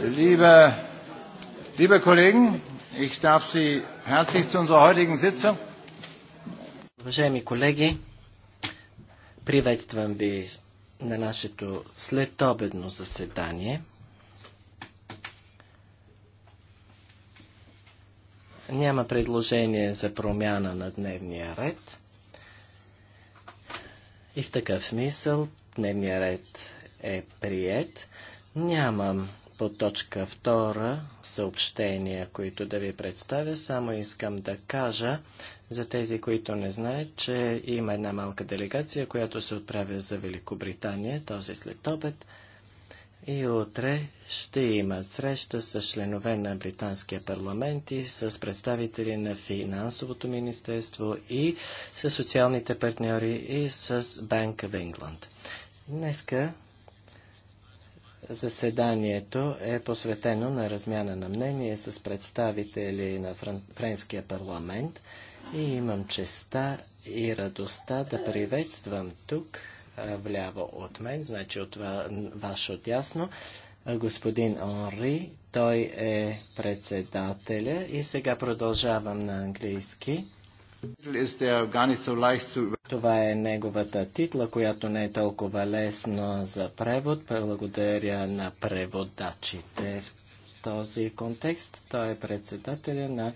Liebe, liebe Kollegen, ich darf Sie herzlich zu unserer heutigen Sitzung. Уважаеми колеги, приветствам ви на нашето следобедно заседание. Няма предложение за промяна на дневния ред. И в такъв смисъл дневния ред е прият. Нямам по точка втора съобщения, които да ви представя. Само искам да кажа за тези, които не знаят, че има една малка делегация, която се отправя за Великобритания този след обед. И утре ще имат среща с членове на Британския парламент и с представители на Финансовото министерство и с социалните партньори и с Банка в Ингланд. Днеска Заседанието е посветено на размяна на мнение с представители на Френския парламент и имам честа и радостта да приветствам тук, вляво от мен, значи от ваше отясно, господин Онри. Той е председателя и сега продължавам на английски. Това е неговата титла, която не е толкова лесно за превод. Благодаря на преводачите в този контекст. Той е председателя на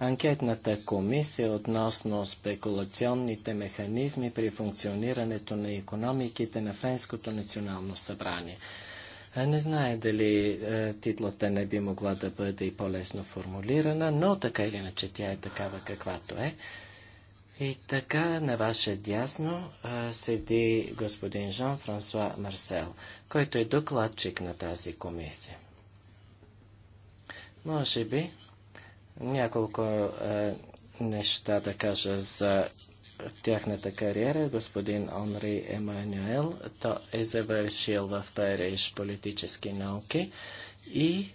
анкетната комисия относно спекулационните механизми при функционирането на економиките на Френското национално събрание. Е, не знае дали е, титлата не би могла да бъде и по-лесно формулирана, но така или иначе тя е такава каквато е. И така, на ваше дясно а, седи господин Жан-Франсуа Марсел, който е докладчик на тази комисия. Може би няколко а, неща да кажа за тяхната кариера. Господин Онри Емануел то е завършил в Париж политически науки и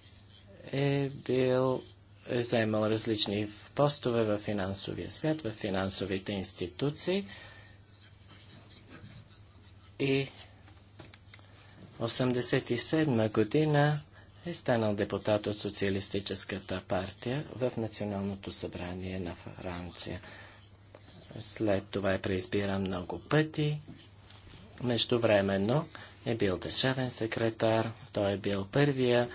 е бил е заемал различни постове в финансовия свят, в финансовите институции и 1987 година е станал депутат от Социалистическата партия в Националното събрание на Франция. След това е преизбиран много пъти. Междувременно е бил държавен секретар, той е бил първия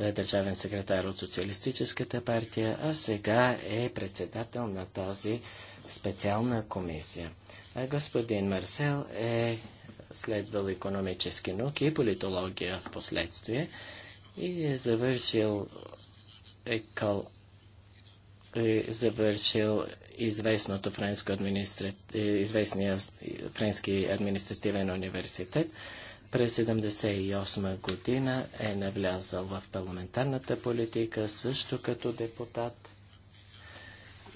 е, държавен секретар от Социалистическата партия, а сега е председател на тази специална комисия. А господин Марсел е следвал економически науки и политология в последствие и е завършил екол е завършил известното френско администра... Е, известния френски административен университет. През 1978 година е навлязал в парламентарната политика също като депутат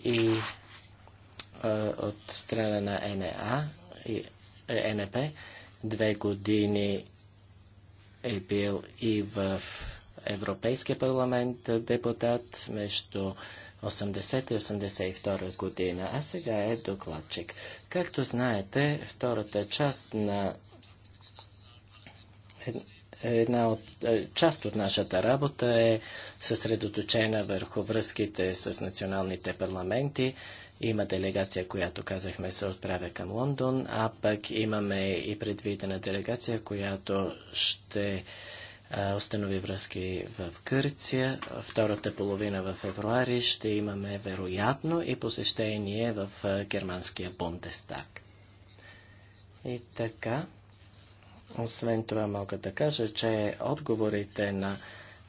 и а, от страна на НА е и е, НП е две години е бил и в Европейския парламент депутат между 80 и 82 година, а сега е докладчик. Както знаете, втората част на една от, е, част от нашата работа е съсредоточена върху връзките с националните парламенти. Има делегация, която казахме се отправя към Лондон, а пък имаме и предвидена делегация, която ще установи връзки в Гърция. Втората половина в февруари ще имаме вероятно и посещение в германския Бундестаг. И така. Освен това мога да кажа, че отговорите на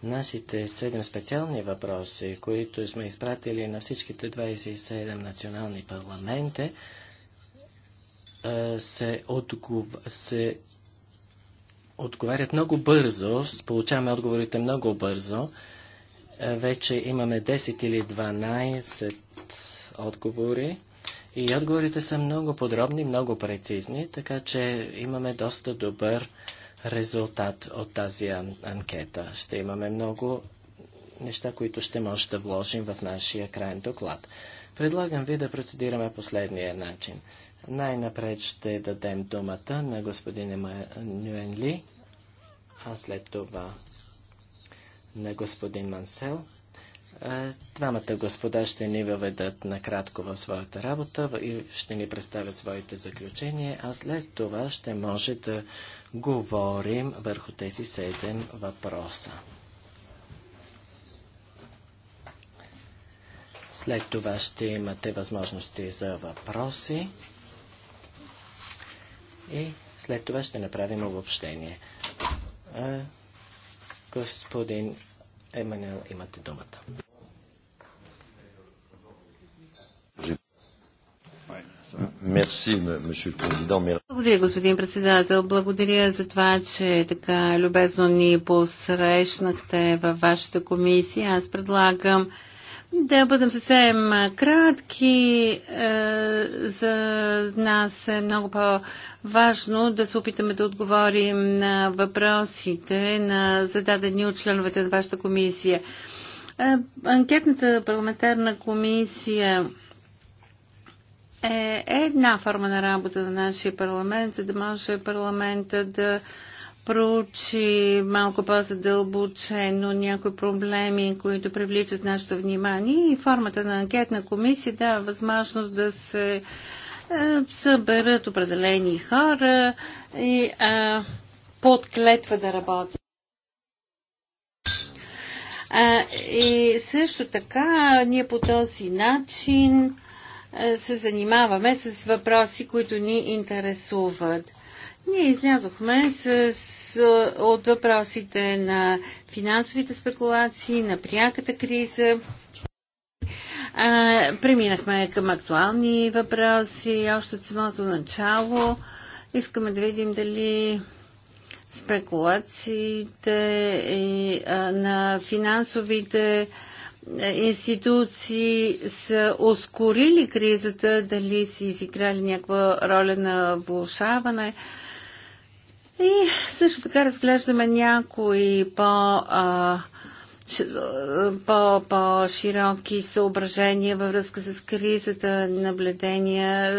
нашите 7 специални въпроси, които сме изпратили на всичките 27 национални парламенти, е, се, отгов... се отговарят много бързо, получаваме отговорите много бързо. Е, вече имаме 10 или 12 отговори и отговорите са много подробни, много прецизни, така че имаме доста добър резултат от тази анкета. Ще имаме много неща, които ще може да вложим в нашия крайен доклад. Предлагам ви да процедираме последния начин. Най-напред ще дадем думата на господин Нюенли, а след това на господин Мансел Двамата господа ще ни въведат накратко в своята работа и ще ни представят своите заключения, а след това ще може да говорим върху тези седем въпроса. След това ще имате възможности за въпроси и след това ще направим обобщение. Господин Еманел, имате думата. Благодаря, господин председател. Благодаря за това, че така любезно ни посрещнахте във вашата комисия. Аз предлагам да бъдем съвсем кратки. Е, за нас е много по-важно да се опитаме да отговорим на въпросите, на зададени от членовете на вашата комисия. Е, анкетната парламентарна комисия е една форма на работа на нашия парламент, за да може парламента да проучи малко по-задълбочено някои проблеми, които привличат нашето внимание и формата на анкетна комисия дава възможност да се е, съберат определени хора и е, под клетва да работят. А, и също така ние по този начин е, се занимаваме с въпроси, които ни интересуват. Ние излязохме с, с, от въпросите на финансовите спекулации, на пряката криза. А, е, преминахме към актуални въпроси. Още от самото начало искаме да видим дали спекулациите и, а, на финансовите а, е, институции са ускорили кризата, дали са изиграли някаква роля на влушаване. И също така разглеждаме някои по- а, е, по-широки по съображения във връзка с кризата, наблюдения.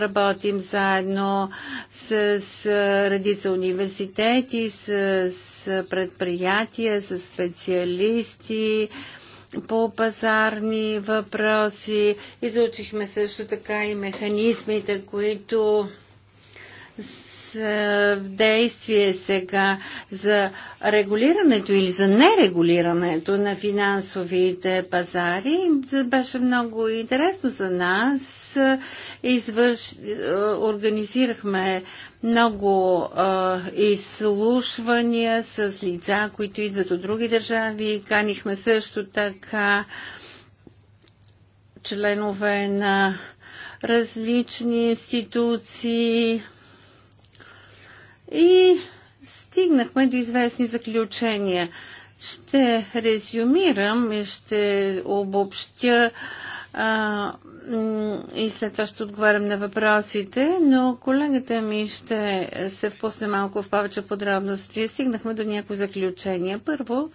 Работим заедно с, с редица университети, с, с предприятия, с специалисти, по пазарни въпроси. Изучихме също така и механизмите, които е, в действие сега за регулирането или за нерегулирането на финансовите пазари. Беше много интересно за нас. Извърш... Е, организирахме много а, е, изслушвания с лица, които идват от други държави. Канихме също така членове на различни институции, и стигнахме до известни заключения. Ще резюмирам и ще обобщя а, и след това ще отговарям на въпросите, но колегата ми ще се впусне малко в повече подробности. Стигнахме до някои заключения. Първо,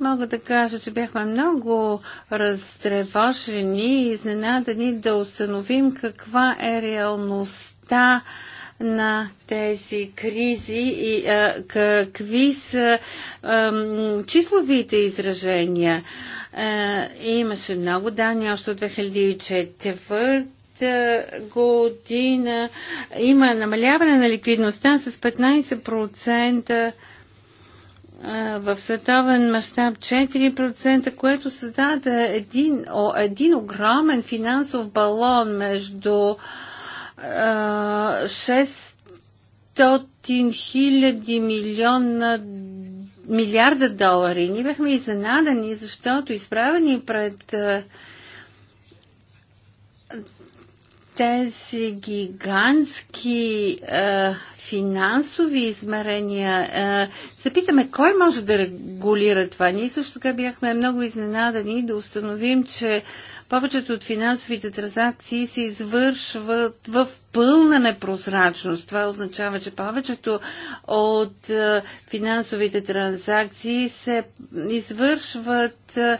мога да кажа, че бяхме много разтревожени и изненадани да установим каква е реалността на тези кризи и а, какви са а, числовите изражения. А, имаше много данни още от 2004 година. Има намаляване на ликвидността с 15% в световен мащаб 4%, което създаде един, един огромен финансов балон между а, 600 хиляди милиона милиарда долари. Ние бяхме изненадани, защото изправени пред тези гигантски е, финансови измерения, е, се питаме кой може да регулира това. Ние също така бяхме много изненадани да установим, че повечето от финансовите транзакции се извършват в пълна непрозрачност. Това означава, че повечето от е, финансовите транзакции се извършват е,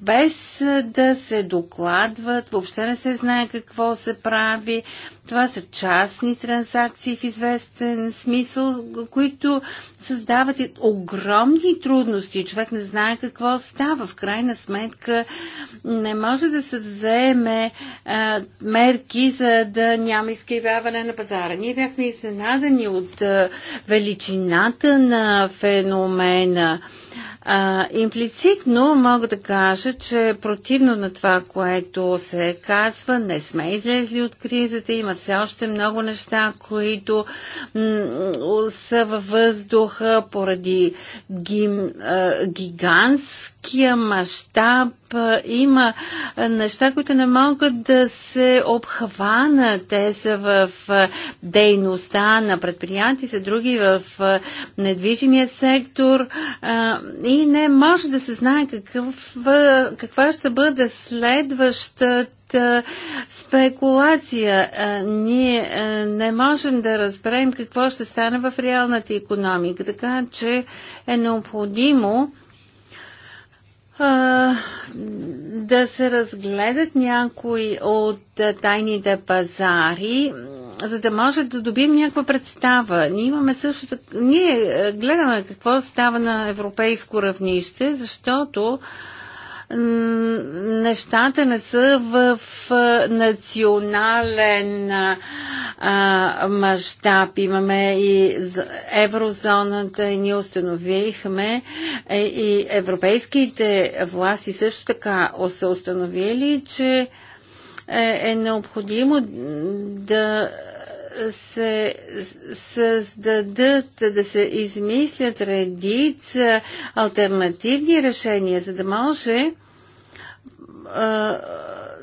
без да се докладват, въобще не се знае какво се прави. Това са частни транзакции в известен смисъл, които създават огромни трудности. Човек не знае какво става. В крайна сметка не може да се вземе а, е, мерки, за да няма изкривяване на пазара. Ние бяхме изненадани от величината на феномена. А, имплицитно мога да кажа, че противно на това, което се казва, не сме излезли от кризата, има все още много неща, които са във въздуха поради гим, а, гигантския мащаб е, има е, неща, които не могат да се обхванат. Те са в е, дейността на предприятията, други в недвижимия сектор и не може да се знае какъв, каква ще бъде следващата спекулация. Ние не можем да разберем какво ще стане в реалната економика, така че е необходимо да се разгледат някои от тайните пазари, за да може да добием някаква представа. Ние имаме също така... Ние гледаме какво става на европейско равнище, защото а, нещата не са в национален мащаб. Имаме и еврозоната и ние установихме е, и европейските власти също така са установили, че е, е необходимо да се създадат, да се измислят редица альтернативни решения, за да може а,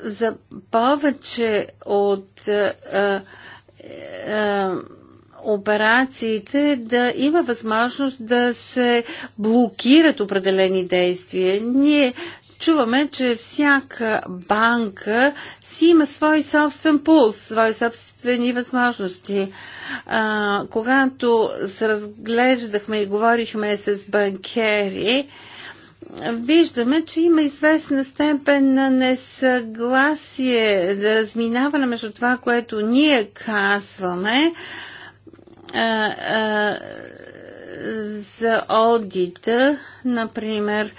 за повече от а, а, операциите да има възможност да се блокират определени действия. Ние чуваме, че всяка банка си има свой собствен пулс, свои собствени възможности. А, когато се разглеждахме и говорихме с банкери, виждаме, че има известна степен на несъгласие, да разминаване между това, което ние казваме а, а, за одита, например,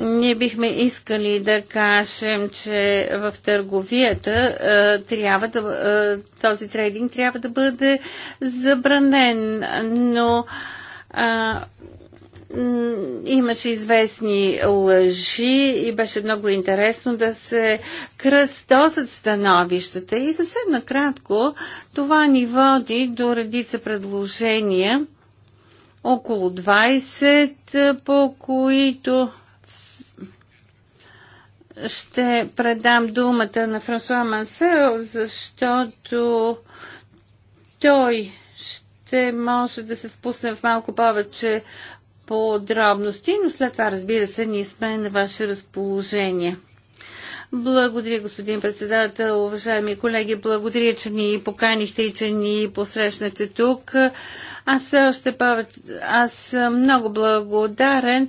ние бихме искали да кажем, че в търговията е, трябва да, е, този трейдинг трябва да бъде забранен, но а, е, имаше известни лъжи и беше много интересно да се кръстосат становищата. И съвсем накратко това ни води до редица предложения, около 20, по които ще предам думата на Франсуа Мансел, защото той ще може да се впусне в малко повече подробности, но след това, разбира се, ние сме на ваше разположение. Благодаря, господин председател. Уважаеми колеги, благодаря, че ни поканихте и че ни посрещнете тук. Аз още повече, аз съм много благодарен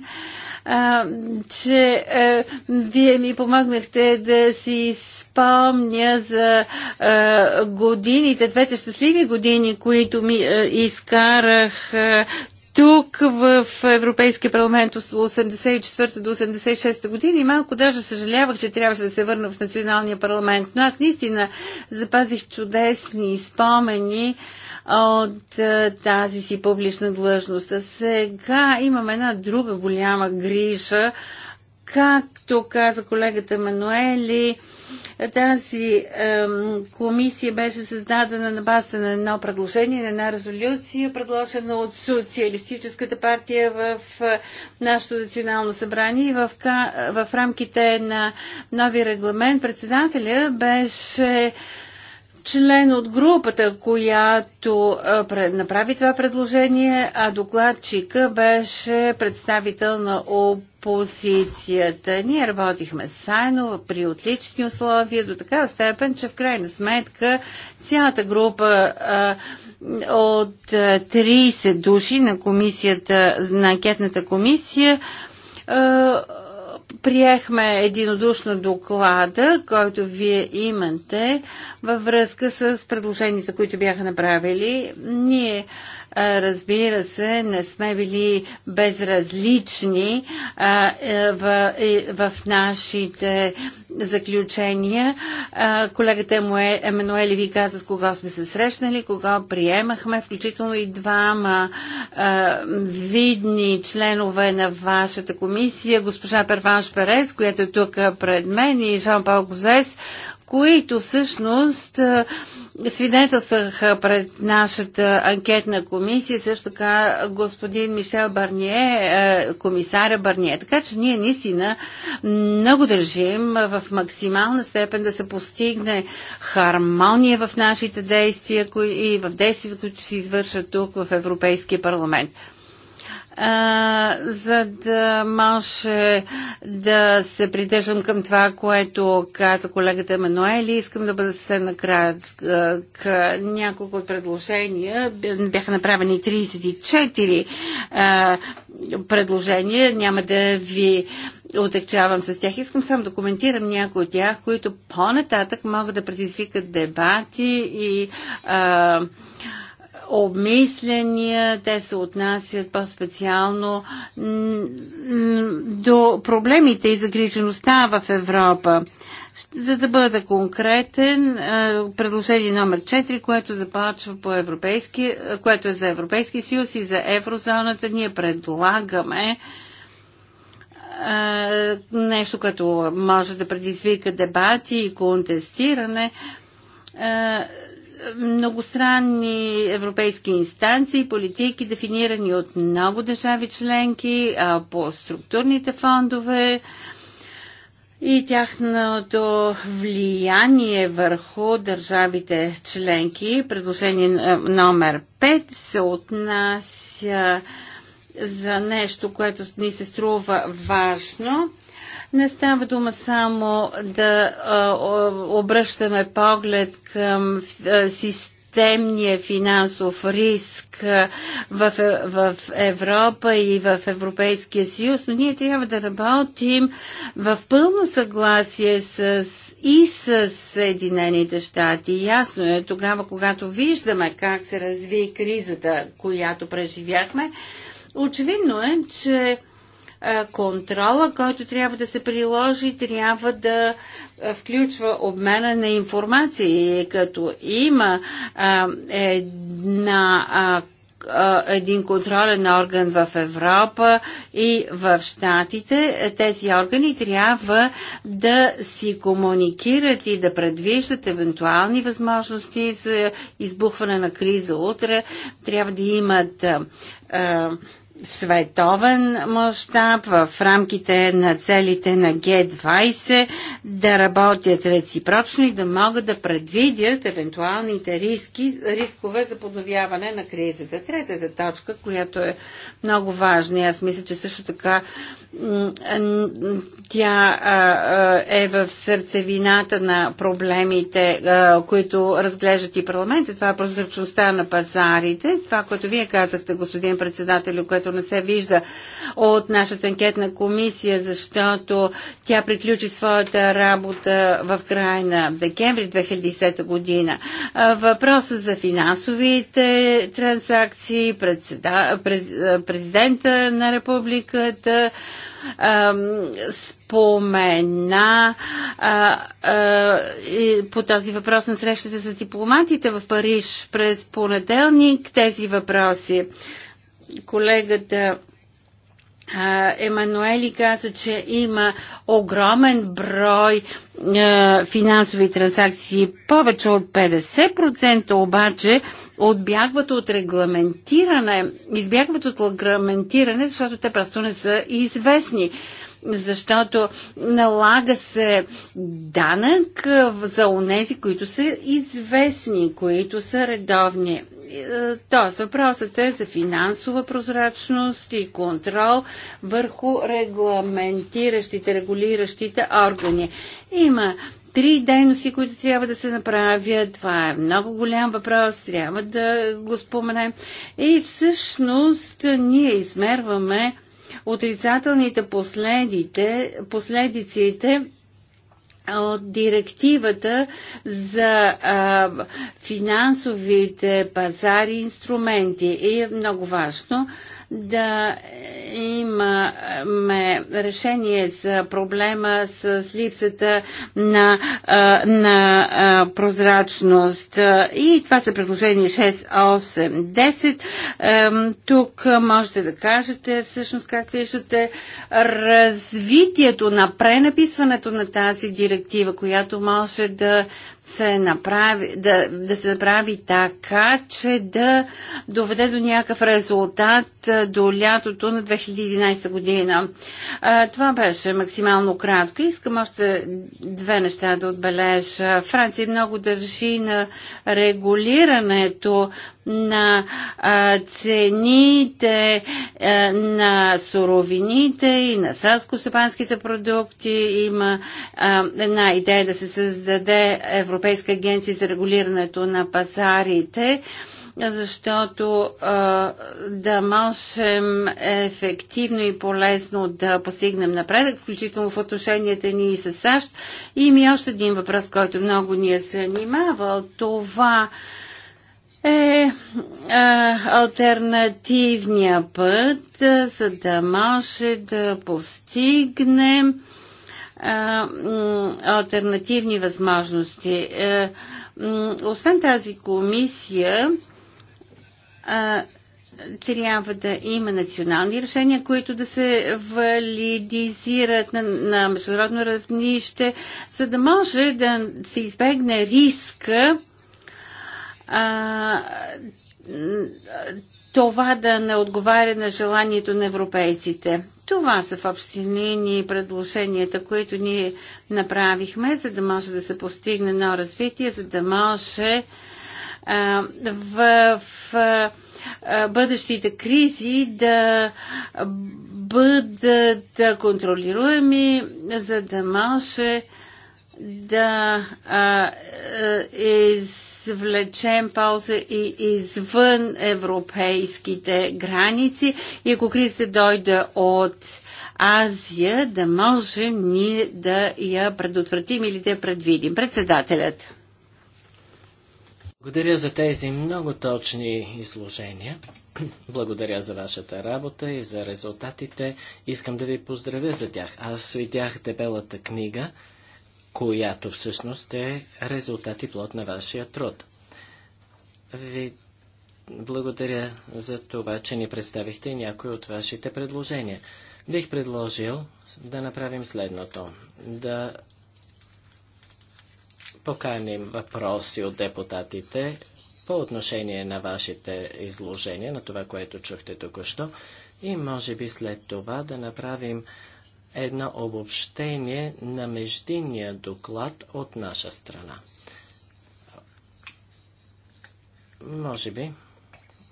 а, че а, вие ми помогнахте да си спомня за а, годините, двете щастливи години, които ми а, изкарах а, тук в Европейския парламент от 84 до 86 година и малко даже съжалявах, че трябваше да се върна в националния парламент. Но аз наистина запазих чудесни спомени от е, тази си публична длъжност. А сега имам една друга голяма грижа Както каза колегата Мануели, тази е, комисия беше създадена на базата на едно предложение, на една резолюция, предложена от Социалистическата партия в е, нашето национално събрание и в, е, в рамките на нови регламент председателя беше член от групата, която е, направи това предложение, а докладчика беше представител на ОП позицията. Ние работихме сайно при отлични условия до такава степен, че в крайна сметка цялата група от 30 души на комисията, на анкетната комисия приехме единодушно доклада, който вие имате във връзка с предложенията, които бяха направили. Ние Разбира се, не сме били безразлични е, в, е, в нашите заключения. Колегата Емануели ви каза с кого сме се срещнали, кого приемахме, включително и двама видни членове на вашата комисия, госпожа Перванш Перес, която е тук пред мен и Жан-Пал Гозес, които всъщност свидетелстваха пред нашата анкетна комисия, също така господин Мишел Барние, комисаря Барние. Така че ние наистина много държим в максимална степен да се постигне хармония в нашите действия и в действията, които се извършват тук в Европейския парламент а, за да може да се придържам към това, което каза колегата Мануели. Искам да бъда се накрая к няколко предложения. Бяха направени 34 а, предложения. Няма да ви отекчавам с тях. Искам само да коментирам някои от тях, които по-нататък могат да предизвикат дебати и а, обмисления, те се отнасят по-специално до проблемите и загрижеността в Европа. За да бъда конкретен, е, предложение номер 4, което започва по европейски, е, което е за Европейски съюз и за еврозоната, ние предлагаме е, нещо, което може да предизвика дебати и контестиране, многостранни европейски инстанции, политики, дефинирани от много държави членки а, по структурните фондове и тяхното влияние върху държавите членки. Предложение номер 5 се отнася за нещо, което ни се струва важно не става дума само да обръщаме поглед към системата системния финансов риск в, е, в Европа и в Европейския съюз, но ние трябва да работим в пълно съгласие с, и с Съединените щати. Ясно е тогава, когато виждаме как се разви кризата, която преживяхме, очевидно е, че контрола, който трябва да се приложи, трябва да включва обмена на информация. И като има една един контролен орган в Европа и в Штатите. Тези органи трябва да си комуникират и да предвиждат евентуални възможности за избухване на криза утре. Трябва да имат световен мащаб в рамките на целите на Г-20 да работят реципрочно и да могат да предвидят евентуалните риски, рискове за подновяване на кризата. Третата точка, която е много важна, аз мисля, че също така тя е в сърцевината на проблемите, които разглеждат и парламента. Това е прозрачността на пазарите. Това, което вие казахте, господин председател, което което не се вижда от нашата анкетна комисия, защото тя приключи своята работа в края на декември 2010 година. Въпроса за финансовите транзакции, президента на републиката, спомена а, а, по този въпрос на срещата с дипломатите в Париж през понеделник тези въпроси колегата Емануели каза, че има огромен брой финансови транзакции, повече от 50% обаче отбягват от регламентиране, избягват от регламентиране, защото те просто не са известни защото налага се данък за онези, които са известни, които са редовни. Тоест, въпросът е за финансова прозрачност и контрол върху регламентиращите, регулиращите органи. Има три дейности, които трябва да се направят. Това е много голям въпрос, трябва да го споменем. И всъщност ние измерваме отрицателните последиците от директивата за а, финансовите пазари инструменти. И е много важно да имаме решение за проблема с липсата на, на прозрачност. И това са предложения 6, 8, 10. Тук можете да кажете всъщност как виждате развитието на пренаписването на тази директива, която може да се направи, да, да се направи така, че да доведе до някакъв резултат до лятото на 2011 година. А, това беше максимално кратко. Искам още две неща да отбележа. Франция много държи на регулирането на цените на суровините и на селско-стопанските продукти. Има една идея да се създаде Европейска агенция за регулирането на пазарите защото а, да можем ефективно и полезно да постигнем напредък, включително в отношенията ни и с САЩ. И ми още един въпрос, който много ни е занимавал. Това е а, е, альтернативния път, а, е, за да може да постигнем а, е, альтернативни възможности. А, освен тази комисия, а, трябва да има национални решения, които да се валидизират на, на международно равнище, за да може да се избегне риска а, това да не отговаря на желанието на европейците. Това са в общи линии предложенията, които ние направихме, за да може да се постигне едно развитие, за да може а, в, в а, бъдещите кризи да бъдат контролируеми, за да може да а, е, из извлечем полза и извън европейските граници и ако кризата дойде от Азия, да можем ние да я предотвратим или да я предвидим. Председателят. Благодаря за тези много точни изложения. Благодаря за вашата работа и за резултатите. Искам да ви поздравя за тях. Аз видях дебелата книга която всъщност е резултат и плод на вашия труд. Ви благодаря за това, че ни представихте някои от вашите предложения. Бих предложил да направим следното. Да поканим въпроси от депутатите по отношение на вашите изложения, на това, което чухте току-що, и може би след това да направим едно обобщение на междинния доклад от наша страна. Може би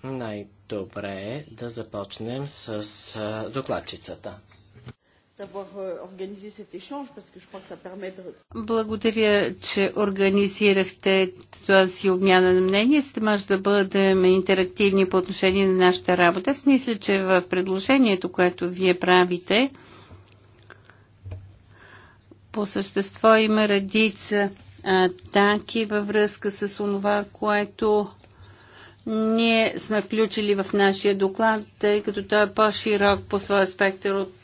най-добре е да започнем с докладчицата. Euh, Благодаря, че организирахте тази обмяна на мнение, за да може да бъдем интерактивни по отношение на нашата работа. С мисля, че в предложението, което вие правите, по същество има редица атаки във връзка с това, което ние сме включили в нашия доклад, тъй като той е по-широк по своя спектър от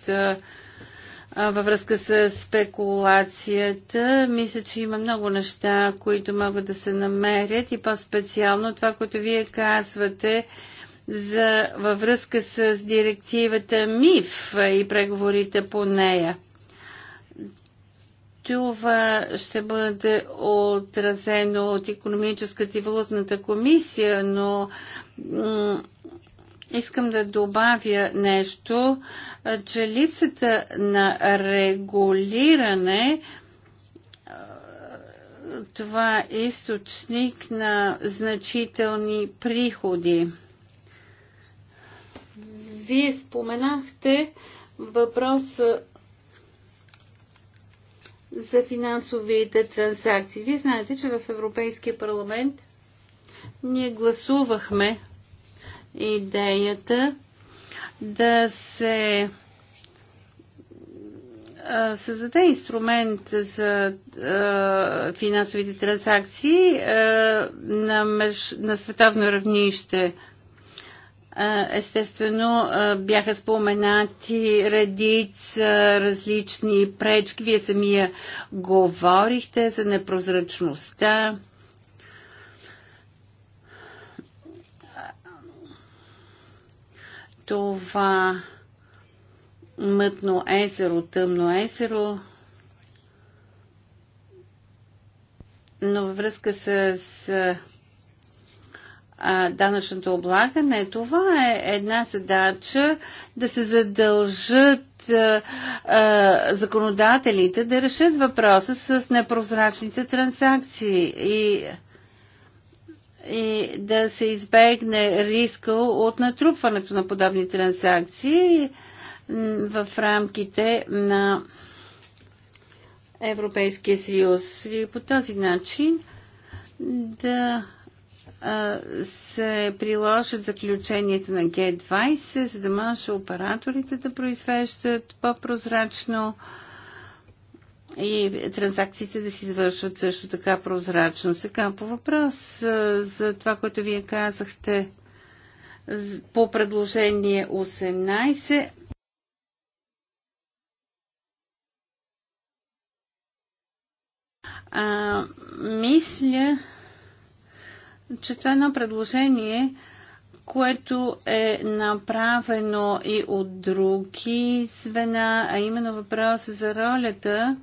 във връзка с спекулацията. Мисля, че има много неща, които могат да се намерят и по-специално това, което вие казвате за, във връзка с директивата МИФ и преговорите по нея. Това ще бъде отразено от економическата и валутната комисия, но искам да добавя нещо, че липсата на регулиране това е източник на значителни приходи. Вие споменахте въпроса за финансовите транзакции. Вие знаете, че в Европейския парламент ние гласувахме идеята да се създаде инструмент за а, финансовите транзакции а, на, меж... на световно равнище. Естествено, бяха споменати редица различни пречки. Вие самия говорихте за непрозрачността. Това мътно езеро, тъмно езеро, но във връзка с а, данъчното облагане. Това е една задача да се задължат а, а, законодателите да решат въпроса с непрозрачните транзакции и и да се избегне риска от натрупването на подобни транзакции в рамките на Европейския съюз. И по този начин да се приложат заключенията на G20, за да може операторите да произвеждат по-прозрачно и транзакциите да се извършват също така прозрачно. Сега по въпрос за това, което вие казахте по предложение 18. А, мисля, чета е едно предложение, което е направено и от други звена, а именно въпрос за ролята,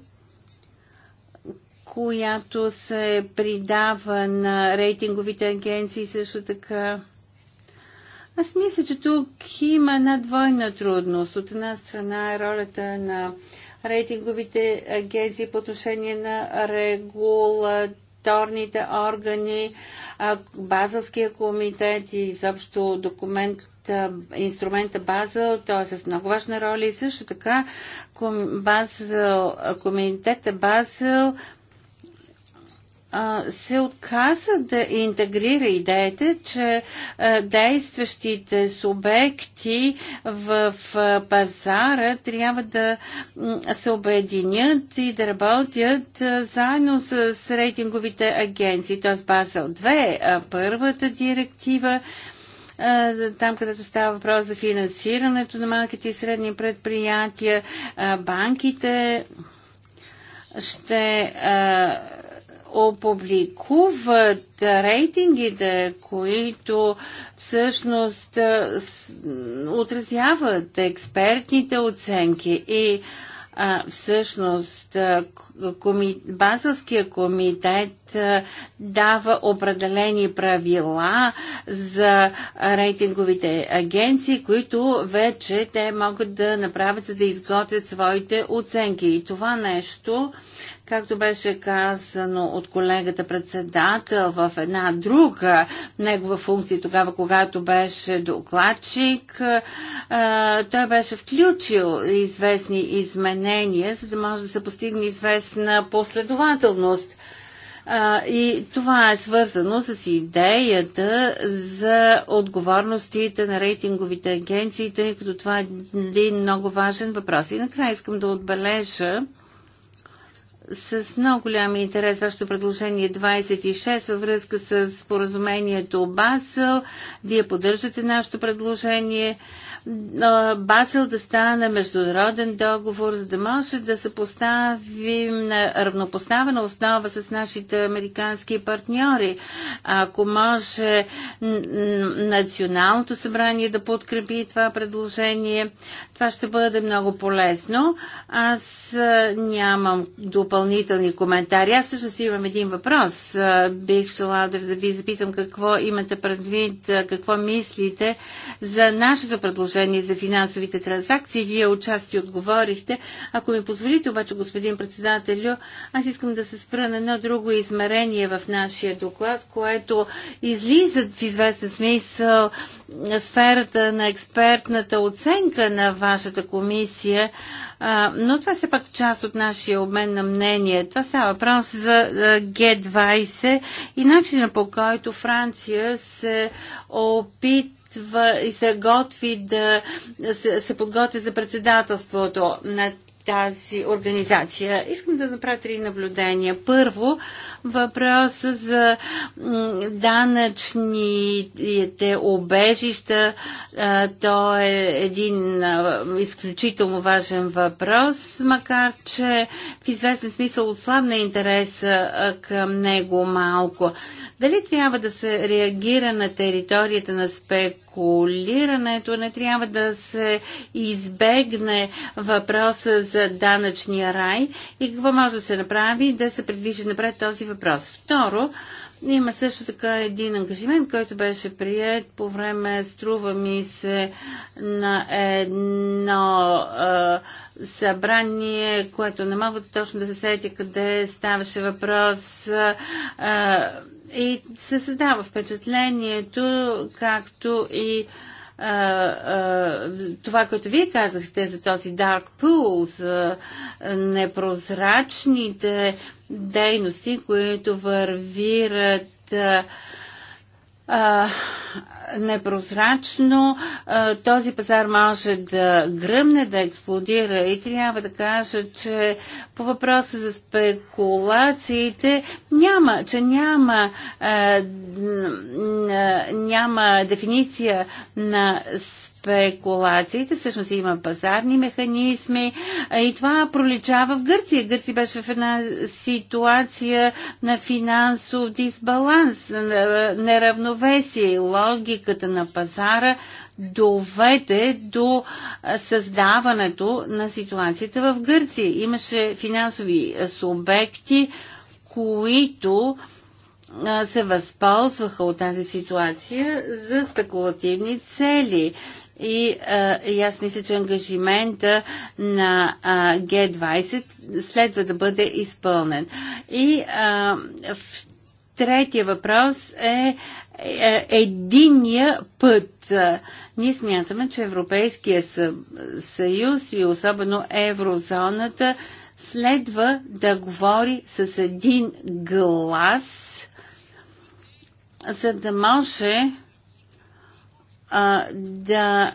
която се придава на рейтинговите агенции също така. Аз мисля, че тук има една двойна трудност. От една страна е ролята на рейтинговите агенции по отношение на регулата регулаторните органи, Базълския комитет и изобщо документ инструмента Базъл, т.е. с много важна роля и също така Базъл, комитета Базъл се отказа да интегрира идеята, че действащите субекти в пазара трябва да се обединят и да работят заедно с рейтинговите агенции, т.е. Базел 2, е, първата директива там, където става въпрос за финансирането на малките и средни предприятия, банките ще опубликуват рейтингите, които всъщност отразяват експертните оценки и всъщност коми... Базълския комитет дава определени правила за рейтинговите агенции, които вече те могат да направят, за да изготвят своите оценки. И това нещо както беше казано от колегата председател в една друга негова функция тогава, когато беше докладчик, той беше включил известни изменения, за да може да се постигне известно известна последователност. И това е свързано с идеята за отговорностите на рейтинговите агенции, тъй като това е един много важен въпрос. И накрая искам да отбележа с много голям интерес вашето предложение 26 във връзка с споразумението Басъл. Вие поддържате нашето предложение. Базел да стане международен договор, за да може да се поставим на равнопоставена основа с нашите американски партньори. Ако може Националното събрание да подкрепи това предложение, това ще бъде много полезно. Аз нямам допълнителни коментари. Аз също си имам един въпрос. Бих желала да ви запитам какво имате предвид, какво мислите за нашето предложение предложение за финансовите транзакции. Вие отчасти отговорихте. Ако ми позволите обаче, господин председателю, аз искам да се спра на едно друго измерение в нашия доклад, което излиза в известен смисъл сферата на експертната оценка на вашата комисия. но това е все пак част от нашия обмен на мнение. Това става право за g 20 и начина по който Франция се опита подготвя и се готви да се, се подготви за председателството на тази организация. Искам да направя три наблюдения. Първо, въпрос за данъчните обежища. То е един изключително важен въпрос, макар че в известен смисъл отслабна интерес към него малко. Дали трябва да се реагира на територията на спекулирането, не трябва да се избегне въпроса за данъчния рай и какво може да се направи да се предвижи напред този въпрос. Второ, има също така един ангажимент, който беше прият по време, струва ми се, на едно а, събрание, което не мога точно да се сетя къде ставаше въпрос. А, и се създава впечатлението, както и а, а, това, което вие казахте за този dark pool, за непрозрачните дейности, които вървират а, непрозрачно, този пазар може да гръмне, да експлодира и трябва да кажа, че по въпроса за спекулациите няма, че няма, няма дефиниция на спекулация спекулациите, всъщност има пазарни механизми и това проличава в Гърция. Гърция беше в една ситуация на финансов дисбаланс, неравновесие. Логиката на пазара доведе до създаването на ситуацията в Гърция. Имаше финансови субекти, които се възползваха от тази ситуация за спекулативни цели. И, а, и аз мисля, че ангажимента на а, Г20 следва да бъде изпълнен. И а, в третия въпрос е, е единия път. Ние смятаме, че Европейския съюз и особено еврозоната следва да говори с един глас, за да може а, да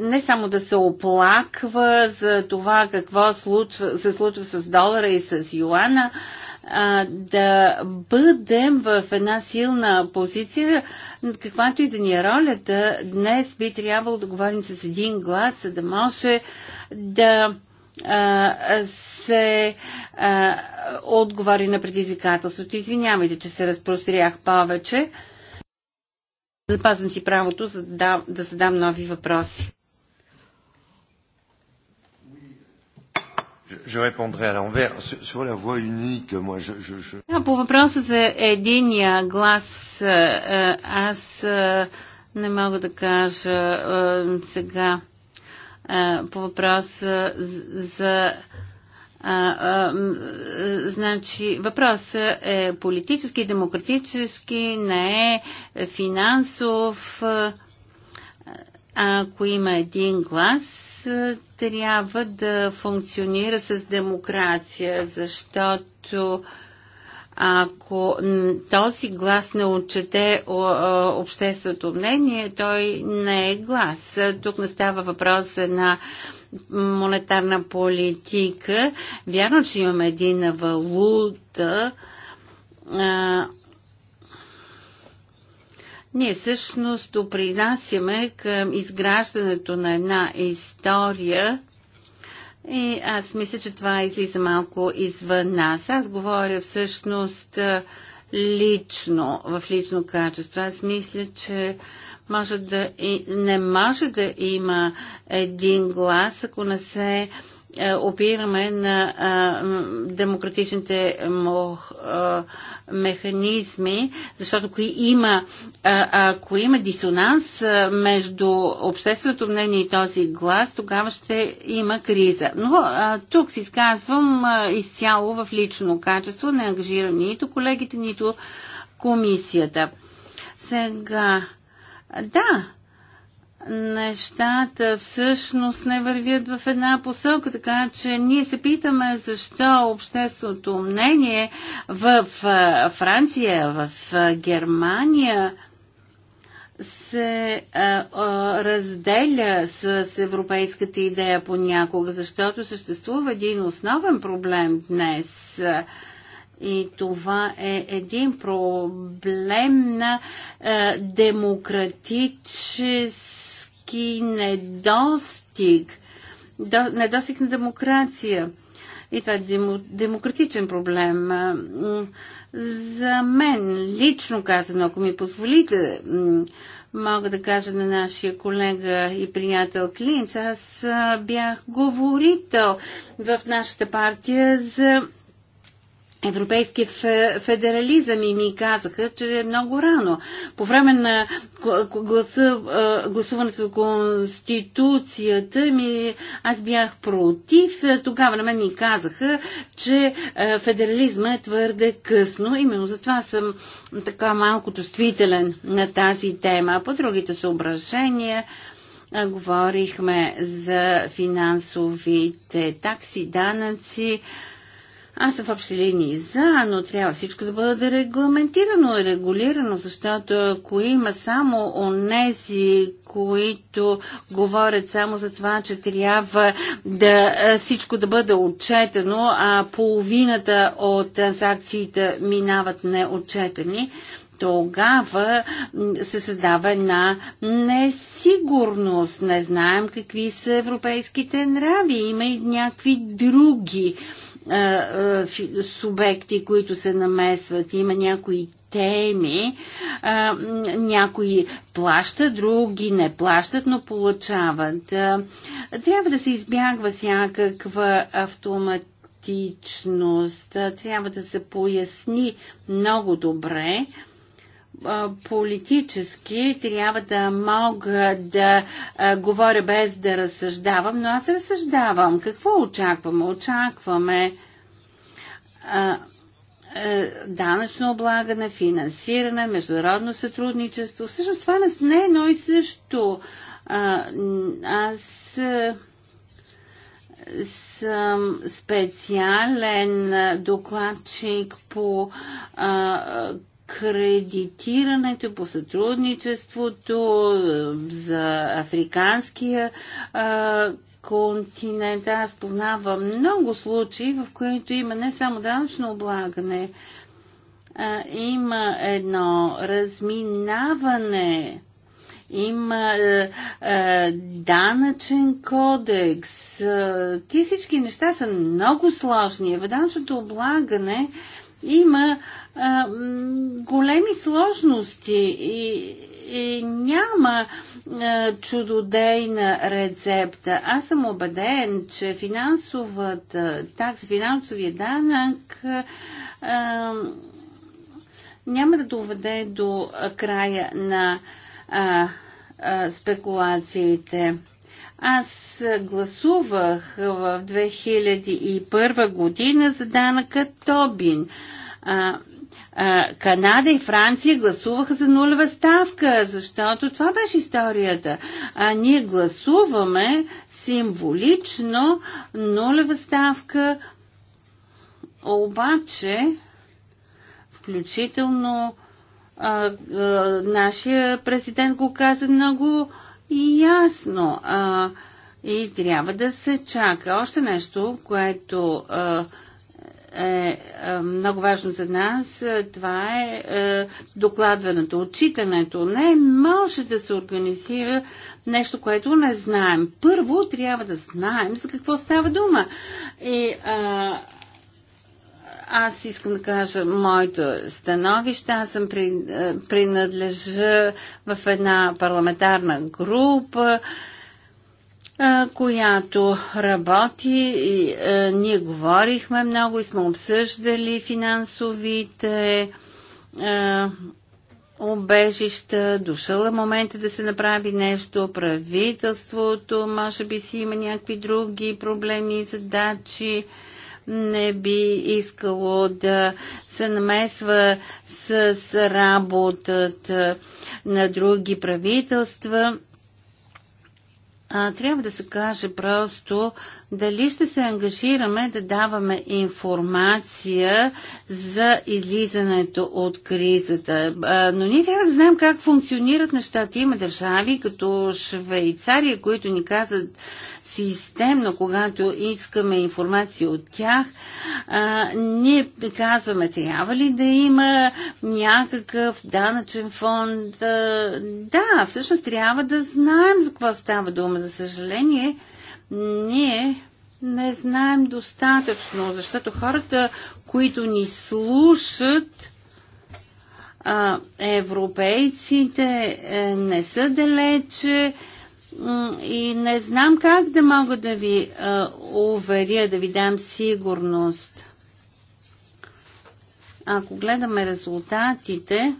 не само да се оплаква за това какво случва, се случва с долара и с юана, а, да бъдем в една силна позиция, каквато и да ни е ролята, днес би трябвало да говорим с един глас, за да може да се а, отговори на предизвикателството. Извинявайте, че се разпрострях повече. Запазвам си правото за да, да задам нови въпроси. А, по въпроса за единия глас, е, е, аз е, не мога да кажа сега по въпроса за значи, въпросът е политически, демократически, не е финансов. Ако има един глас, трябва да функционира с демокрация, защото ако този глас не отчете общественото мнение, той не е глас. Тук не става въпрос на. една монетарна политика. Вярно, че имаме един валута. А, ние всъщност допринасяме към изграждането на една история и аз мисля, че това излиза малко извън нас. Аз говоря всъщност лично, в лично качество. Аз мисля, че може да, и не може да има един глас, ако не се е, опираме на а, е, демократичните му, а, е, механизми, защото ако има, а, ако има дисонанс между общественото мнение и този глас, тогава ще има криза. Но тук си изказвам изцяло в лично качество, не ангажирам нито колегите, нито комисията. Сега да, нещата всъщност не вървят в една посока, така че ние се питаме защо общественото мнение в Франция, в Германия се а, а, разделя с, с европейската идея понякога, защото съществува един основен проблем днес – и това е един проблем на е, демократически недостиг, до, недостиг на демокрация. И това е демо, демократичен проблем. Е, за мен, лично казано, ако ми позволите, мога да кажа на нашия колега и приятел Клинц, аз бях говорител в нашата партия за Европейския федерализъм и ми казаха, че е много рано. По време на гласа, гласуването за Конституцията ми, аз бях против. Тогава на мен ми казаха, че федерализма е твърде късно. Именно затова съм така малко чувствителен на тази тема. По другите съображения говорихме за финансовите такси, данъци. Аз съм в общи линии за, но трябва всичко да бъде регламентирано и регулирано, защото ако има само онези, които говорят само за това, че трябва да е, всичко да бъде отчетено, а половината от транзакциите минават неотчетени, тогава се създава една несигурност. Не знаем какви са европейските нрави. Има и някакви други субекти, които се намесват. Има някои теми, някои плащат, други не плащат, но получават. Трябва да се избягва всякаква автоматичност Трябва да се поясни много добре политически трябва да мога да а, говоря без да разсъждавам, но аз разсъждавам. Какво очакваме? Очакваме а, а, данъчно облагане, финансиране, международно сътрудничество. Всъщност това не е едно и също. А, аз съм специален докладчик по а, кредитирането, по сътрудничеството за африканския а, континент. Аз познавам много случаи, в които има не само данъчно облагане, а, има едно разминаване има а, е, а, е, данъчен кодекс. А, е, ти всички неща са много сложни. В данъчното облагане има големи сложности и, и няма а, чудодейна рецепта. Аз съм убеден, че финансовата такса, финансовия данък а, няма да доведе до края на а, а, спекулациите. Аз гласувах в 2001 година за данъка Тобин. А, Канада и Франция гласуваха за нулева ставка, защото това беше историята. А ние гласуваме символично нулева ставка, обаче включително а, а, нашия президент го каза много ясно. А, и трябва да се чака. Още нещо, което а, е, е много важно за нас, това е, е докладването, отчитането. Не може да се организира нещо, което не знаем. Първо трябва да знаем за какво става дума. И а, е, аз искам да кажа моето становище. Аз съм при, принадлежа в една парламентарна група която работи. Ние говорихме много и сме обсъждали финансовите обежища, дошъл е момента да се направи нещо, правителството може би си има някакви други проблеми и задачи, не би искало да се намесва с работата на други правителства а, трябва да се каже просто дали ще се ангажираме да даваме информация за излизането от кризата. А, но ние трябва да знаем как функционират нещата. Има държави като Швейцария, които ни казват системно, когато искаме информация от тях, а, ние казваме, трябва ли да има някакъв данъчен фонд? А, да, всъщност трябва да знаем за какво става дума. За съжаление, ние не знаем достатъчно, защото хората, които ни слушат, а, европейците е, не са далече и не знам как да мога да ви а, е, уверя, да ви дам сигурност. Ако гледаме резултатите,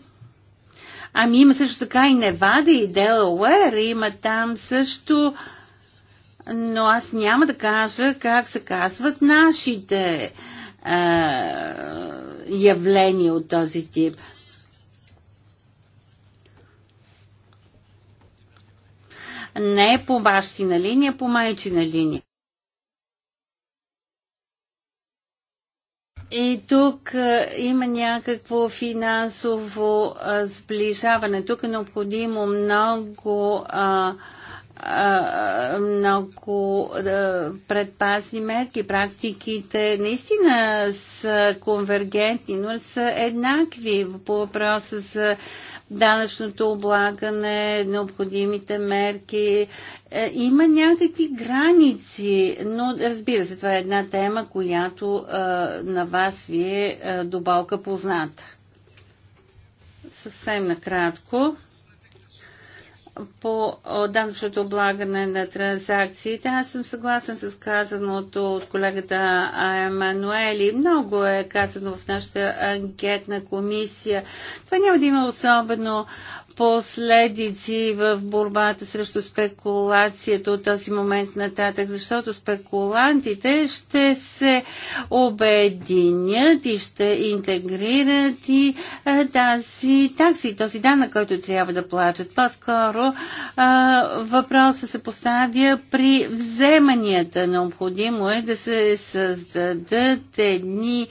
ами има също така и Невада и Делауер, има там също, но аз няма да кажа как се казват нашите а, е, явления от този тип. не е по бащина линия, по майчина линия. И тук а, е, има някакво финансово а, е, сближаване. Тук е необходимо много, а, а, много а, предпазни мерки. Практиките наистина са конвергентни, но са еднакви по въпроса за данъчното облагане, необходимите мерки. Е, има някакви граници, но разбира се, това е една тема, която е, на вас ви е, е добалка позната. Съвсем накратко по данъчното облагане на транзакциите. Аз съм съгласен с казаното от колегата Емануели. Много е казано в нашата анкетна комисия. Това няма да има особено последици в борбата срещу спекулацията от този момент нататък, защото спекулантите ще се обединят и ще интегрират и тази такси, този на който трябва да плачат. По-скоро въпросът се поставя при вземанията. Необходимо е да се създадат едни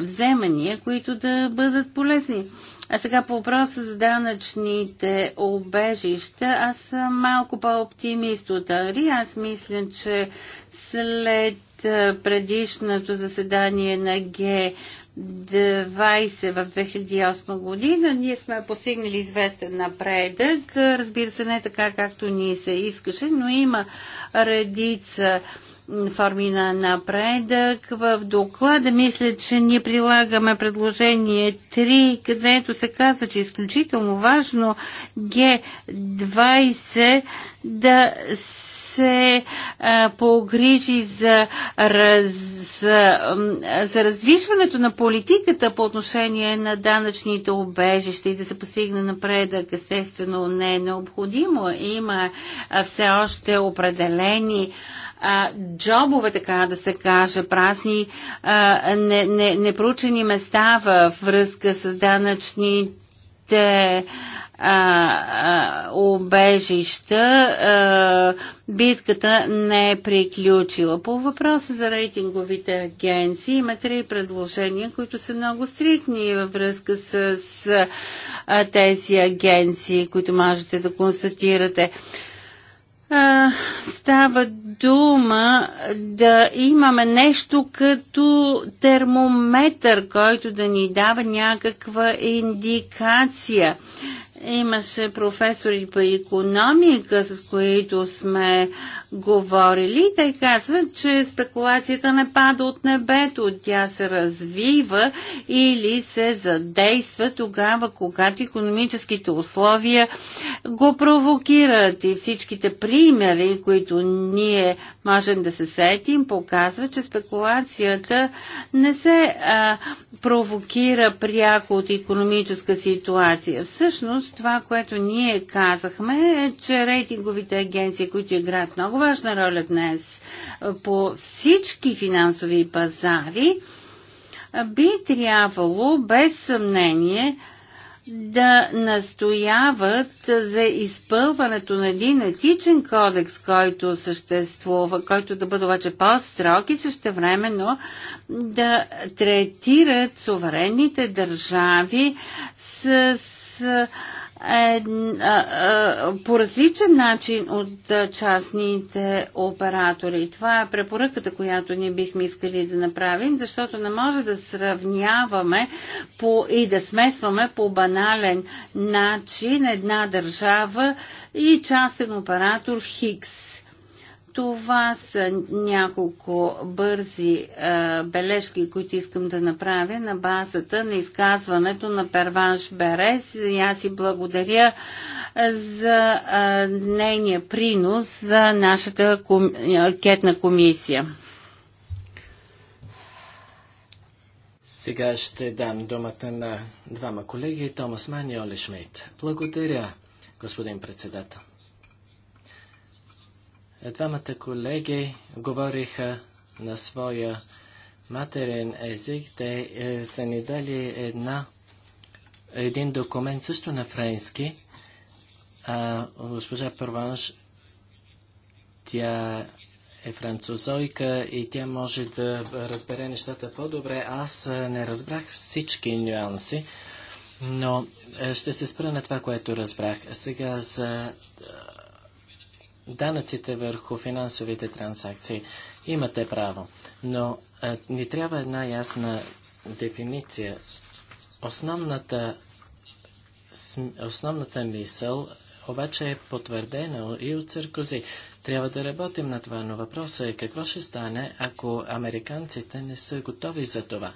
вземания, които да бъдат полезни а сега по въпроса за данъчните обежища, аз съм малко по-оптимист от Ари. Аз мисля, че след предишното заседание на Г 20 в 2008 година. Ние сме постигнали известен напредък. Разбира се, не така, както ни се искаше, но има редица форми на напредък. В доклада мисля, че ние прилагаме предложение 3, където се казва, че е изключително важно Г20 да се а, погрижи за, раз, за, за раздвижването на политиката по отношение на данъчните обежища и да се постигне напредък. Естествено, не е необходимо. Има все още определени а, джобове, така да се каже, празни, а, не, не, места в връзка с данъчните а, убежища, битката не е приключила. По въпроса за рейтинговите агенции има три предложения, които са много стрикни във връзка с, с тези агенции, които можете да констатирате става дума да имаме нещо като термометър, който да ни дава някаква индикация. Имаше професори по економика, с които сме говорили. Те казват, че спекулацията не пада от небето, тя се развива или се задейства тогава, когато економическите условия го провокират. И всичките примери, които ние можем да се сетим, показват, че спекулацията не се а, провокира пряко от економическа ситуация. Всъщност, това, което ние казахме, е, че рейтинговите агенции, които играят много много важна роля днес по всички финансови пазари, би трябвало без съмнение да настояват за изпълването на един етичен кодекс, който съществува, който да бъде обаче по-строг и същевременно да третират суверенните държави с, с е, по различен начин от частните оператори. Това е препоръката, която ние бихме искали да направим, защото не може да сравняваме по, и да смесваме по банален начин една държава и частен оператор Хикс това са няколко бързи е, бележки, които искам да направя на базата на изказването на Перванш Берес. И аз си благодаря за е, нейния принос за нашата ком... кетна комисия. Сега ще дам думата на двама колеги, Томас Ман и Оле Шмейт. Благодаря, господин председател. Двамата колеги говориха на своя матерен език. Те е, са ни дали една, един документ също на френски. А, госпожа Първанш, тя е французойка и тя може да разбере нещата по-добре. Аз е, не разбрах всички нюанси, но е, ще се спра на това, което разбрах. Сега за данъците върху финансовите транзакции. Имате право, но а, ни трябва една ясна дефиниция. Основната, основната мисъл обаче е потвърдена и от Църкози. Трябва да работим на това, но въпросът е какво ще стане, ако американците не са готови за това.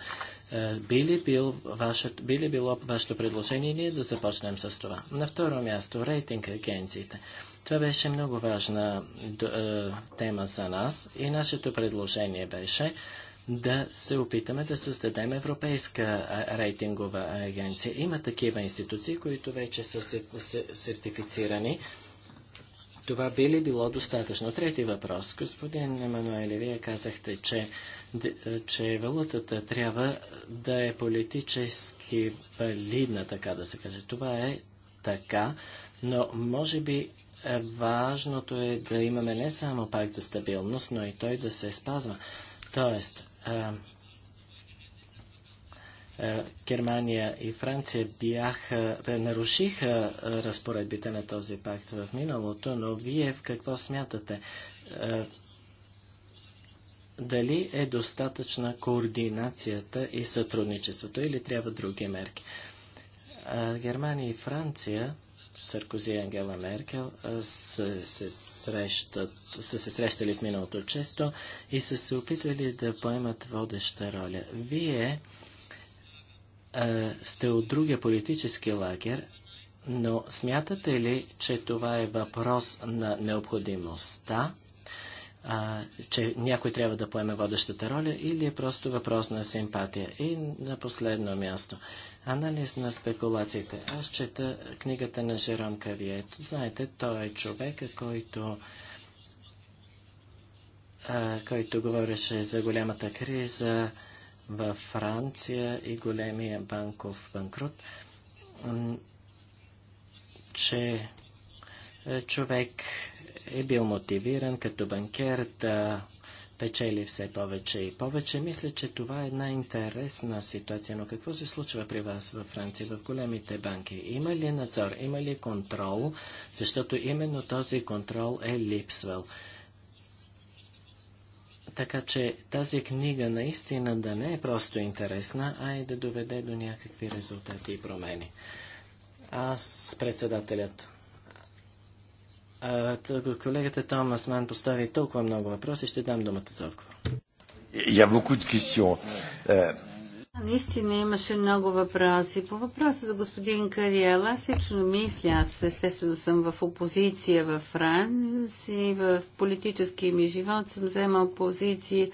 Би ли, бил ваше, би ли било вашето предложение ние да започнем с това? На второ място, рейтинг агенциите. Това беше много важна тема за нас и нашето предложение беше да се опитаме да създадем Европейска рейтингова агенция. Има такива институции, които вече са сертифицирани. Това би ли било достатъчно? Трети въпрос. Господин Емануели, вие казахте, че, че валутата трябва да е политически валидна, така да се каже. Това е така, но може би е, важното е да имаме не само пакт за стабилност, но и той да се спазва. Тоест, е, е, Германия и Франция бяха, нарушиха разпоредбите на този пакт в миналото, но вие в какво смятате? дали е достатъчна координацията и сътрудничеството или трябва други мерки? Германия и Франция Саркози и Ангела Меркел са се, срещат, са се срещали в миналото често и са се опитвали да поемат водеща роля. Вие а, сте от другия политически лагер, но смятате ли, че това е въпрос на необходимостта а, че някой трябва да поеме водещата роля или е просто въпрос на симпатия. И на последно място. Анализ на спекулациите. Аз чета книгата на Жером Кавие. Знаете, той е човека, който а, който говореше за голямата криза във Франция и големия банков банкрут, че е, човек е бил мотивиран като банкер да печели все повече и повече. Мисля, че това е една интересна ситуация, но какво се случва при вас във Франция, в големите банки? Има ли надзор, има ли контрол? Защото именно този контрол е липсвал. Така че тази книга наистина да не е просто интересна, а и да доведе до някакви резултати и промени. Аз, председателят, Колегата Томас Ман постави толкова много въпроси, ще дам думата за отговор. Я много е, Наистина имаше много въпроси. По въпроса за господин Кариел, аз лично мисля, аз естествено съм в опозиция във Франция и в политическия ми живот съм вземал позиции,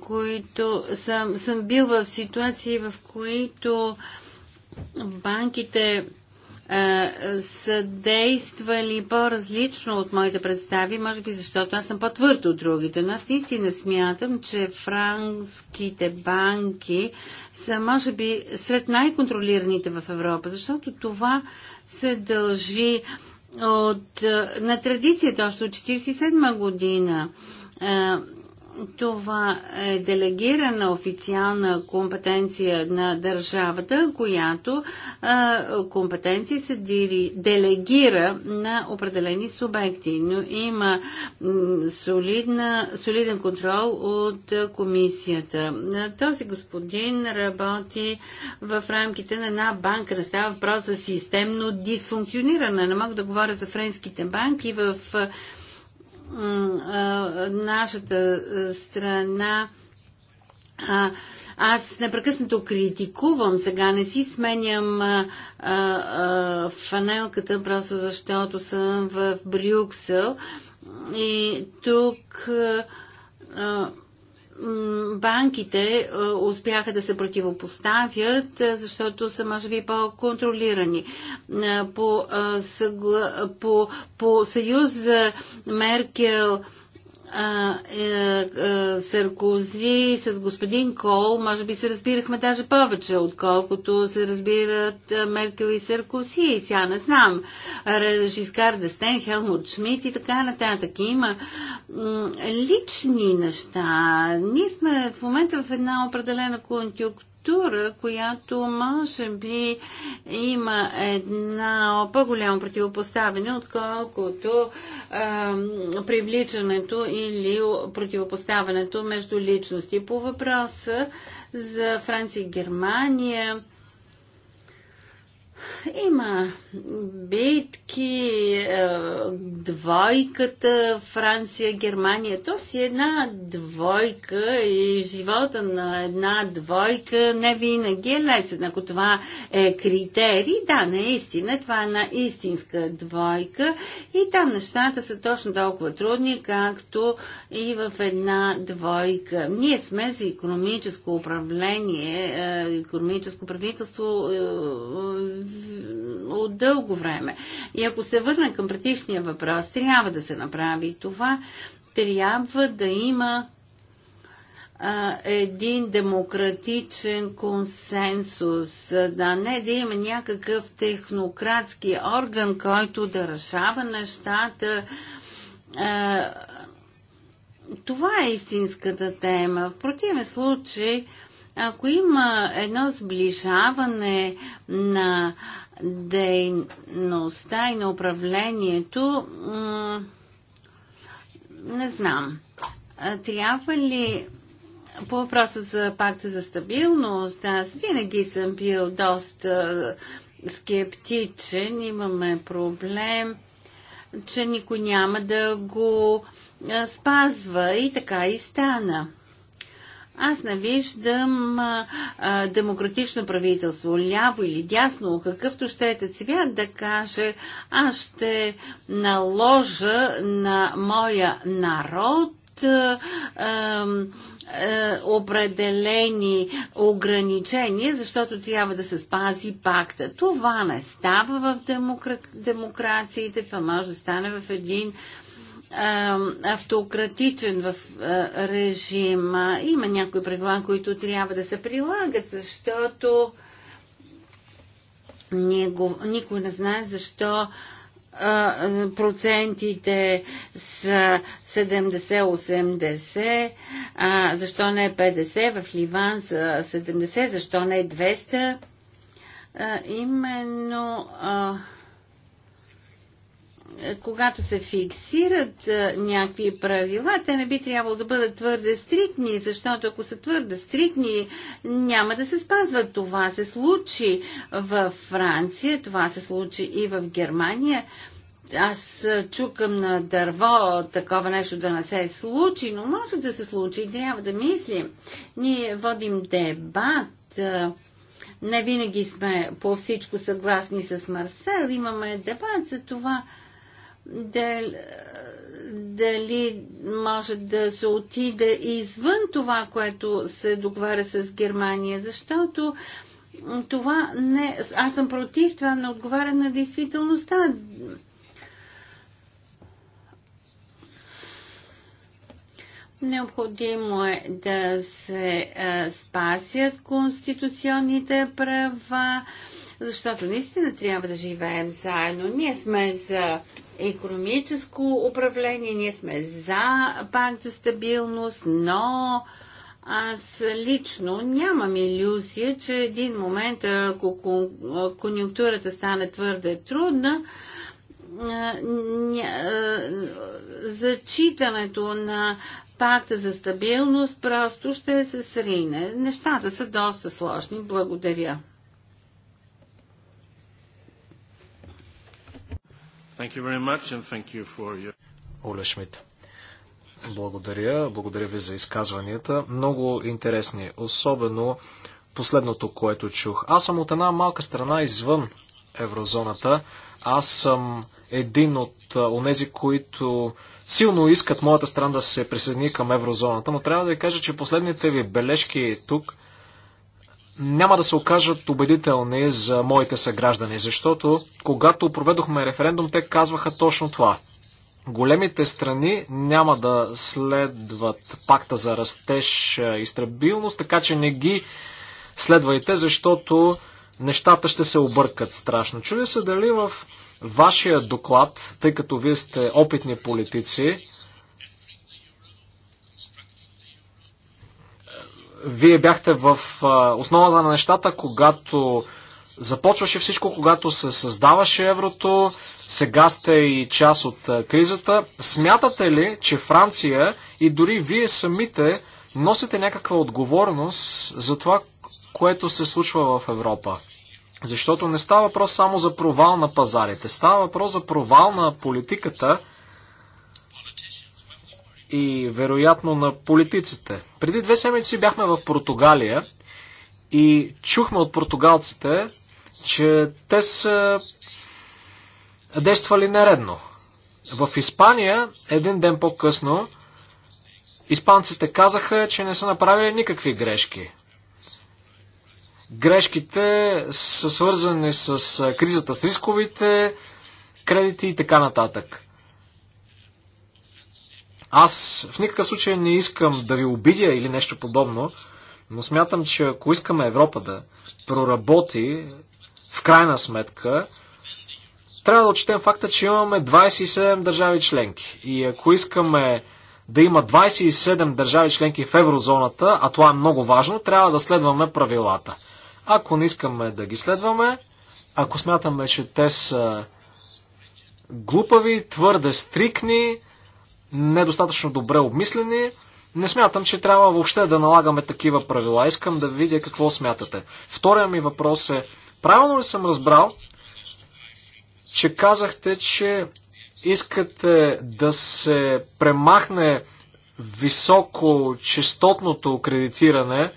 които съм, съм бил в ситуации, в които банките са действали по-различно от моите представи, може би защото аз съм по-твърдо от другите, но аз наистина смятам, че франските банки са, може би, сред най-контролираните в Европа, защото това се дължи от, на традицията още от 1947 година това е делегирана официална компетенция на държавата, която компетенция се дири, делегира на определени субекти, но има солидна, солиден контрол от комисията. Този господин работи в рамките на една банка. Не става въпрос за системно дисфункциониране. Не мога да говоря за френските банки в нашата страна а, аз непрекъснато критикувам сега, не си сменям а, а, а, фанелката, просто защото съм в, в Брюксел. И тук а, а, банките е, успяха да се противопоставят, е, защото са, може би, по-контролирани. Е, по, по, по съюз за Меркел е, е, Саркози с господин Кол, може би се разбирахме даже повече, отколкото се разбират е, Меркел и Саркози. Сега не знам. Жискар Дестен, Хелмут Шмидт и така нататък. Има лични неща. Ние сме в момента в една определена конюнктура култура, която може би има една по-голямо противопоставяне, отколкото е, привличането или противопоставянето между личности. По въпроса за Франция и Германия, има битки, е, двойката, Франция, Германия. То си една двойка и живота на една двойка не винаги е лесен. Ако това е критерий, да, наистина, това е една истинска двойка и там нещата са точно толкова трудни, както и в една двойка. Ние сме за економическо управление, економическо правителство е, от дълго време. И ако се върна към предишния въпрос, трябва да се направи това, трябва да има а, един демократичен консенсус, да не да има някакъв технократски орган, който да решава нещата. А, това е истинската тема. В противен случай, а, ако има едно сближаване на дейността и на управлението, не знам. Трябва ли по въпроса за пакта за стабилност, аз винаги съм бил доста скептичен, имаме проблем, че никой няма да го спазва и така и стана. Аз не виждам а, а, демократично правителство, ляво или дясно, какъвто ще е цвят да каже, аз ще наложа на моя народ а, а, определени ограничения, защото трябва да се спази пакта. Това не става в демокра... демокрациите, това може да стане в един автократичен в режим. Има някои правила, които трябва да се прилагат, защото никой не знае защо процентите са 70-80, а защо не е 50, в Ливан са 70, защо не е 200. именно а, е, когато се фиксират е, някакви правила, те не би трябвало да бъдат твърде стритни, защото ако са твърде стритни, няма да се спазват. Това се случи в Франция, това се случи и в Германия. Аз е, чукам на дърво такова нещо да не се случи, но може да се случи и трябва да мислим. Ние водим дебат не винаги сме по всичко съгласни с Марсел, имаме дебат за това дали, дали може да се отиде извън това, което се договаря с Германия, защото това не. Аз съм против, това не отговаря на действителността. Необходимо е да се а, спасят конституционните права, защото наистина трябва да живеем заедно. Ние сме за економическо управление. Ние сме за пакт за стабилност, но аз лично нямам иллюзия, че един момент, ако конъюнктурата стане твърде трудна, зачитането на пакта за стабилност просто ще се срине. Нещата са доста сложни. Благодаря. Thank you very much and thank you for your... Оле Шмидт. Благодаря. Благодаря ви за изказванията. Много интересни, особено последното, което чух. Аз съм от една малка страна извън еврозоната. Аз съм един от онези, които силно искат моята страна да се присъедини към еврозоната, но трябва да ви кажа, че последните ви бележки тук – няма да се окажат убедителни за моите съграждани, защото когато проведохме референдум, те казваха точно това. Големите страни няма да следват пакта за растеж е, и стабилност, така че не ги следвайте, защото нещата ще се объркат страшно. Чудя се дали в вашия доклад, тъй като вие сте опитни политици, Вие бяхте в основата на нещата, когато започваше всичко, когато се създаваше еврото, сега сте и част от кризата. Смятате ли, че Франция и дори вие самите носите някаква отговорност за това, което се случва в Европа? Защото не става въпрос само за провал на пазарите, става въпрос за провал на политиката, и вероятно на политиците. Преди две седмици бяхме в Португалия и чухме от португалците, че те са действали нередно. В Испания, един ден по-късно, испанците казаха, че не са направили никакви грешки. Грешките са свързани с кризата с рисковите, кредити и така нататък. Аз в никакъв случай не искам да ви обидя или нещо подобно, но смятам, че ако искаме Европа да проработи, в крайна сметка, трябва да отчетем факта, че имаме 27 държави членки. И ако искаме да има 27 държави членки в еврозоната, а това е много важно, трябва да следваме правилата. Ако не искаме да ги следваме, ако смятаме, че те са глупави, твърде стрикни, недостатъчно добре обмислени. Не смятам, че трябва въобще да налагаме такива правила. Искам да видя какво смятате. Втория ми въпрос е, правилно ли съм разбрал, че казахте, че искате да се премахне високо частотното кредитиране,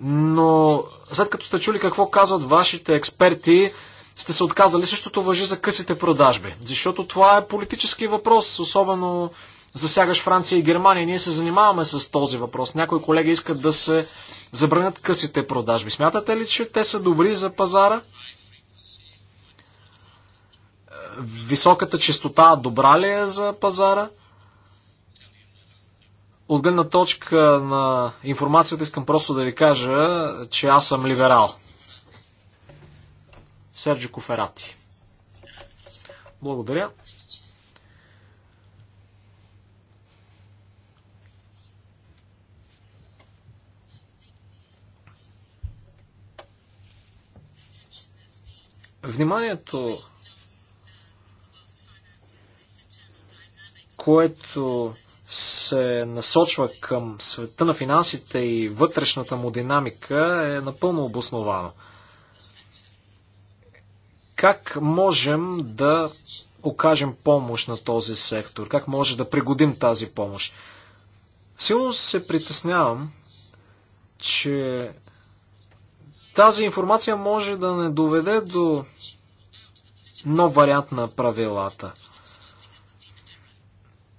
но след като сте чули какво казват вашите експерти, сте се отказали. Същото въжи за късите продажби, защото това е политически въпрос, особено засягаш Франция и Германия. Ние се занимаваме с този въпрос. Някои колеги искат да се забранят късите продажби. Смятате ли, че те са добри за пазара? Високата частота добра ли е за пазара? От гледна точка на информацията искам просто да ви кажа, че аз съм либерал. Серджо Коферати. Благодаря. Вниманието, което се насочва към света на финансите и вътрешната му динамика е напълно обосновано. Как можем да окажем помощ на този сектор? Как може да пригодим тази помощ? Силно се притеснявам, че тази информация може да не доведе до нов вариант на правилата.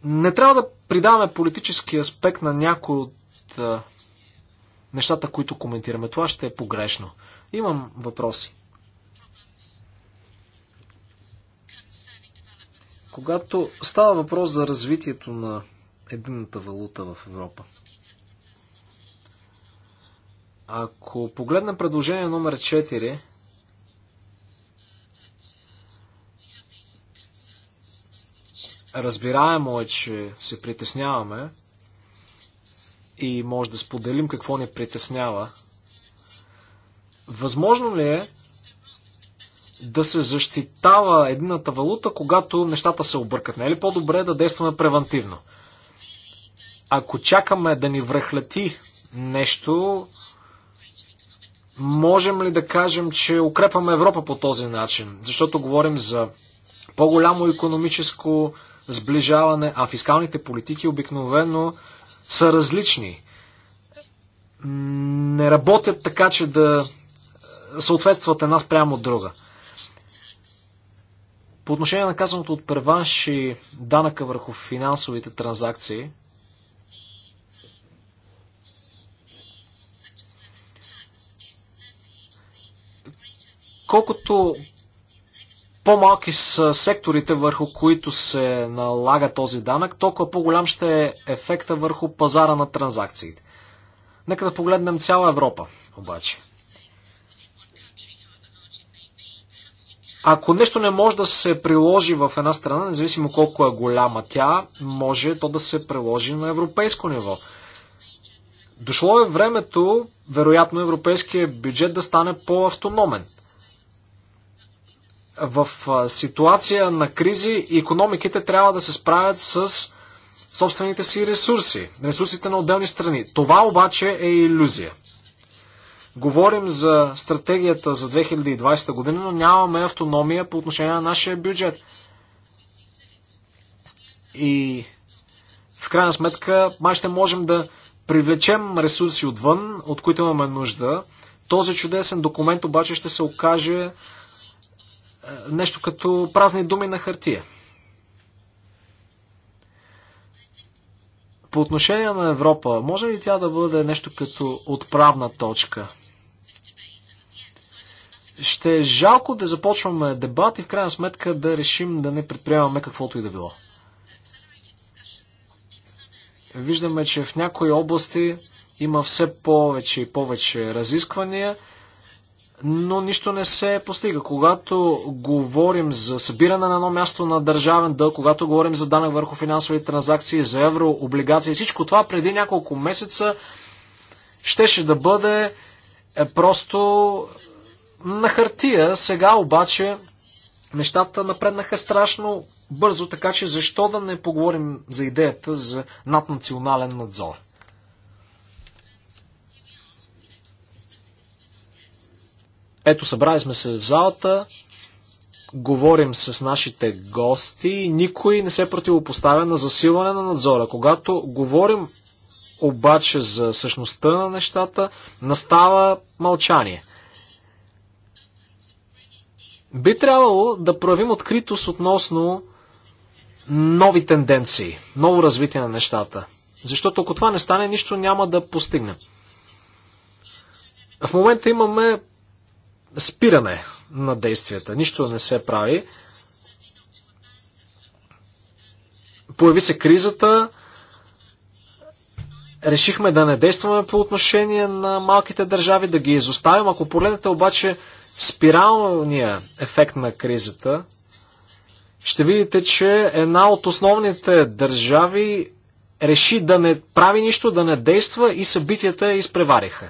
Не трябва да придаваме политически аспект на някои от нещата, които коментираме. Това ще е погрешно. Имам въпроси. Когато става въпрос за развитието на единната валута в Европа, ако погледнем предложение номер 4, разбираемо е, че се притесняваме и може да споделим какво ни притеснява. Възможно ли е да се защитава едната валута, когато нещата се объркат. Не е ли по-добре да действаме превентивно? Ако чакаме да ни връхлети нещо, можем ли да кажем, че укрепваме Европа по този начин? Защото говорим за по-голямо економическо сближаване, а фискалните политики обикновено са различни. Не работят така, че да съответстват една спрямо друга. По отношение на казаното от преванш и данъка върху финансовите транзакции, колкото по-малки са секторите, върху които се налага този данък, толкова по-голям ще е ефекта върху пазара на транзакциите. Нека да погледнем цяла Европа, обаче. Ако нещо не може да се приложи в една страна, независимо колко е голяма тя, може то да се приложи на европейско ниво. Дошло е времето, вероятно, европейския бюджет да стане по-автономен. В ситуация на кризи економиките трябва да се справят с собствените си ресурси, ресурсите на отделни страни. Това обаче е иллюзия. Говорим за стратегията за 2020 година, но нямаме автономия по отношение на нашия бюджет. И в крайна сметка май ще можем да привлечем ресурси отвън, от които имаме нужда. Този чудесен документ обаче ще се окаже е, нещо като празни думи на хартия. По отношение на Европа, може ли тя да бъде нещо като отправна точка? ще е жалко да започваме дебат и в крайна сметка да решим да не предприемаме каквото и да било. Виждаме, че в някои области има все повече и повече разисквания, но нищо не се постига. Когато говорим за събиране на едно място на държавен дълг, когато говорим за данък върху финансови транзакции, за еврооблигации, всичко това преди няколко месеца щеше да бъде е, просто на хартия. Сега обаче нещата напреднаха страшно бързо, така че защо да не поговорим за идеята за наднационален надзор? Ето, събрали сме се в залата, говорим с нашите гости, никой не се противопоставя на засилване на надзора. Когато говорим обаче за същността на нещата, настава мълчание – би трябвало да проявим откритост относно нови тенденции, ново развитие на нещата. Защото ако това не стане, нищо няма да постигнем. В момента имаме спиране на действията. Нищо не се прави. Появи се кризата. Решихме да не действаме по отношение на малките държави, да ги изоставим. Ако погледнете обаче спиралния ефект на кризата, ще видите, че една от основните държави реши да не прави нищо, да не действа и събитията изпревариха.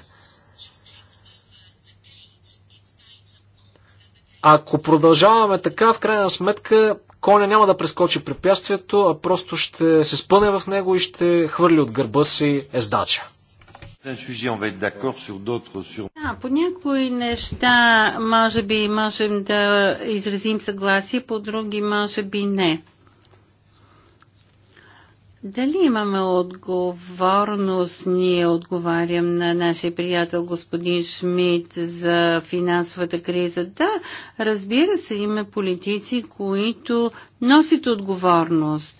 Ако продължаваме така, в крайна сметка коня няма да прескочи препятствието, а просто ще се спъне в него и ще хвърли от гърба си ездача по някои неща може би можем да изразим съгласие, по други може би не. Дали имаме отговорност? Ние отговарям на нашия приятел господин Шмидт за финансовата криза. Да, разбира се, има политици, които носят отговорност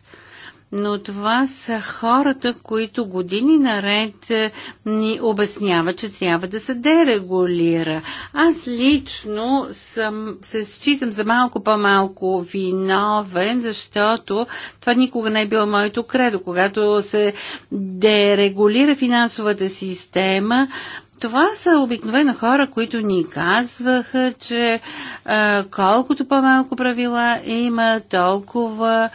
но това са хората, които години наред е, ни обясняват, че трябва да се дерегулира. Аз лично съм, се считам за малко по-малко виновен, защото това никога не е било моето кредо. Когато се дерегулира финансовата система, това са обикновено хора, които ни казваха, че а, колкото по-малко правила има, толкова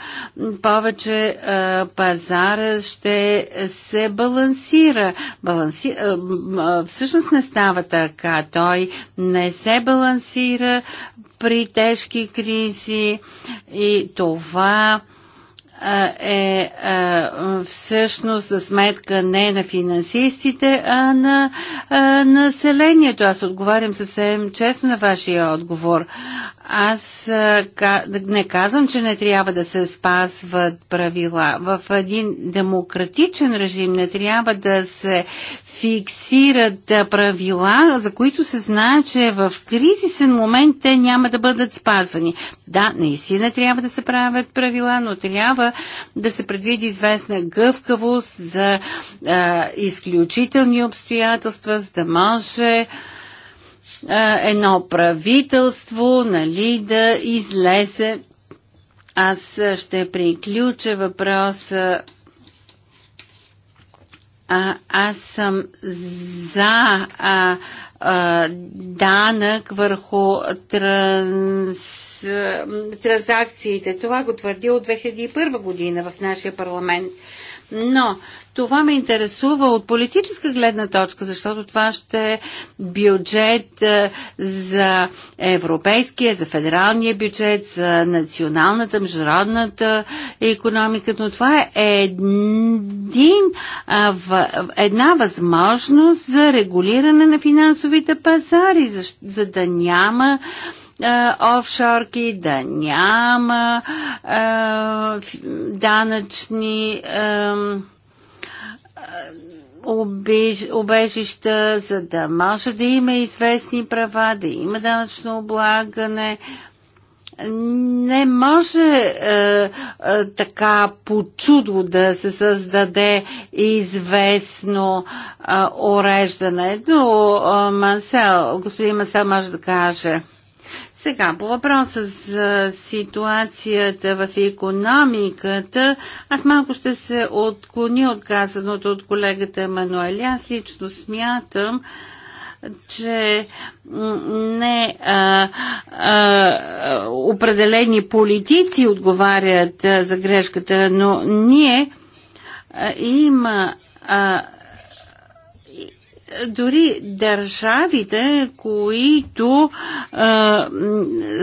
повече а, пазара ще се балансира. Баланси... А, всъщност не става така. Той не се балансира при тежки кризи и това а, е всъщност за сметка не на финансистите, а на населението. Аз отговарям съвсем честно на вашия отговор. Аз не казвам, че не трябва да се спазват правила. В един демократичен режим не трябва да се фиксират правила, за които се знае, че в кризисен момент те няма да бъдат спазвани. Да, наистина трябва да се правят правила, но трябва да се предвиди известна гъвкавост за а, изключителни обстоятелства, за да може а, едно правителство нали, да излезе. Аз ще приключа въпроса а, аз съм за а, а, данък върху транс, а, транзакциите. Това го твърди от 2001 година в нашия парламент. Но това ме интересува от политическа гледна точка, защото това ще е бюджет е, за европейския, за федералния бюджет, за националната, международната економика, но това е един, една възможност за регулиране на финансовите пазари, за, за да няма офшорки, да няма е, данъчни е, обежища, за да може да има известни права, да има данъчно облагане. Не може е, е, така по чудо да се създаде известно е, уреждане. Но е, Мансел, господин Мансел може да каже – сега, по въпроса за ситуацията в економиката, аз малко ще се отклони от казаното от колегата Мануели. Аз лично смятам, че не а, а, определени политици отговарят а, за грешката, но ние а, има а, дори държавите, които а,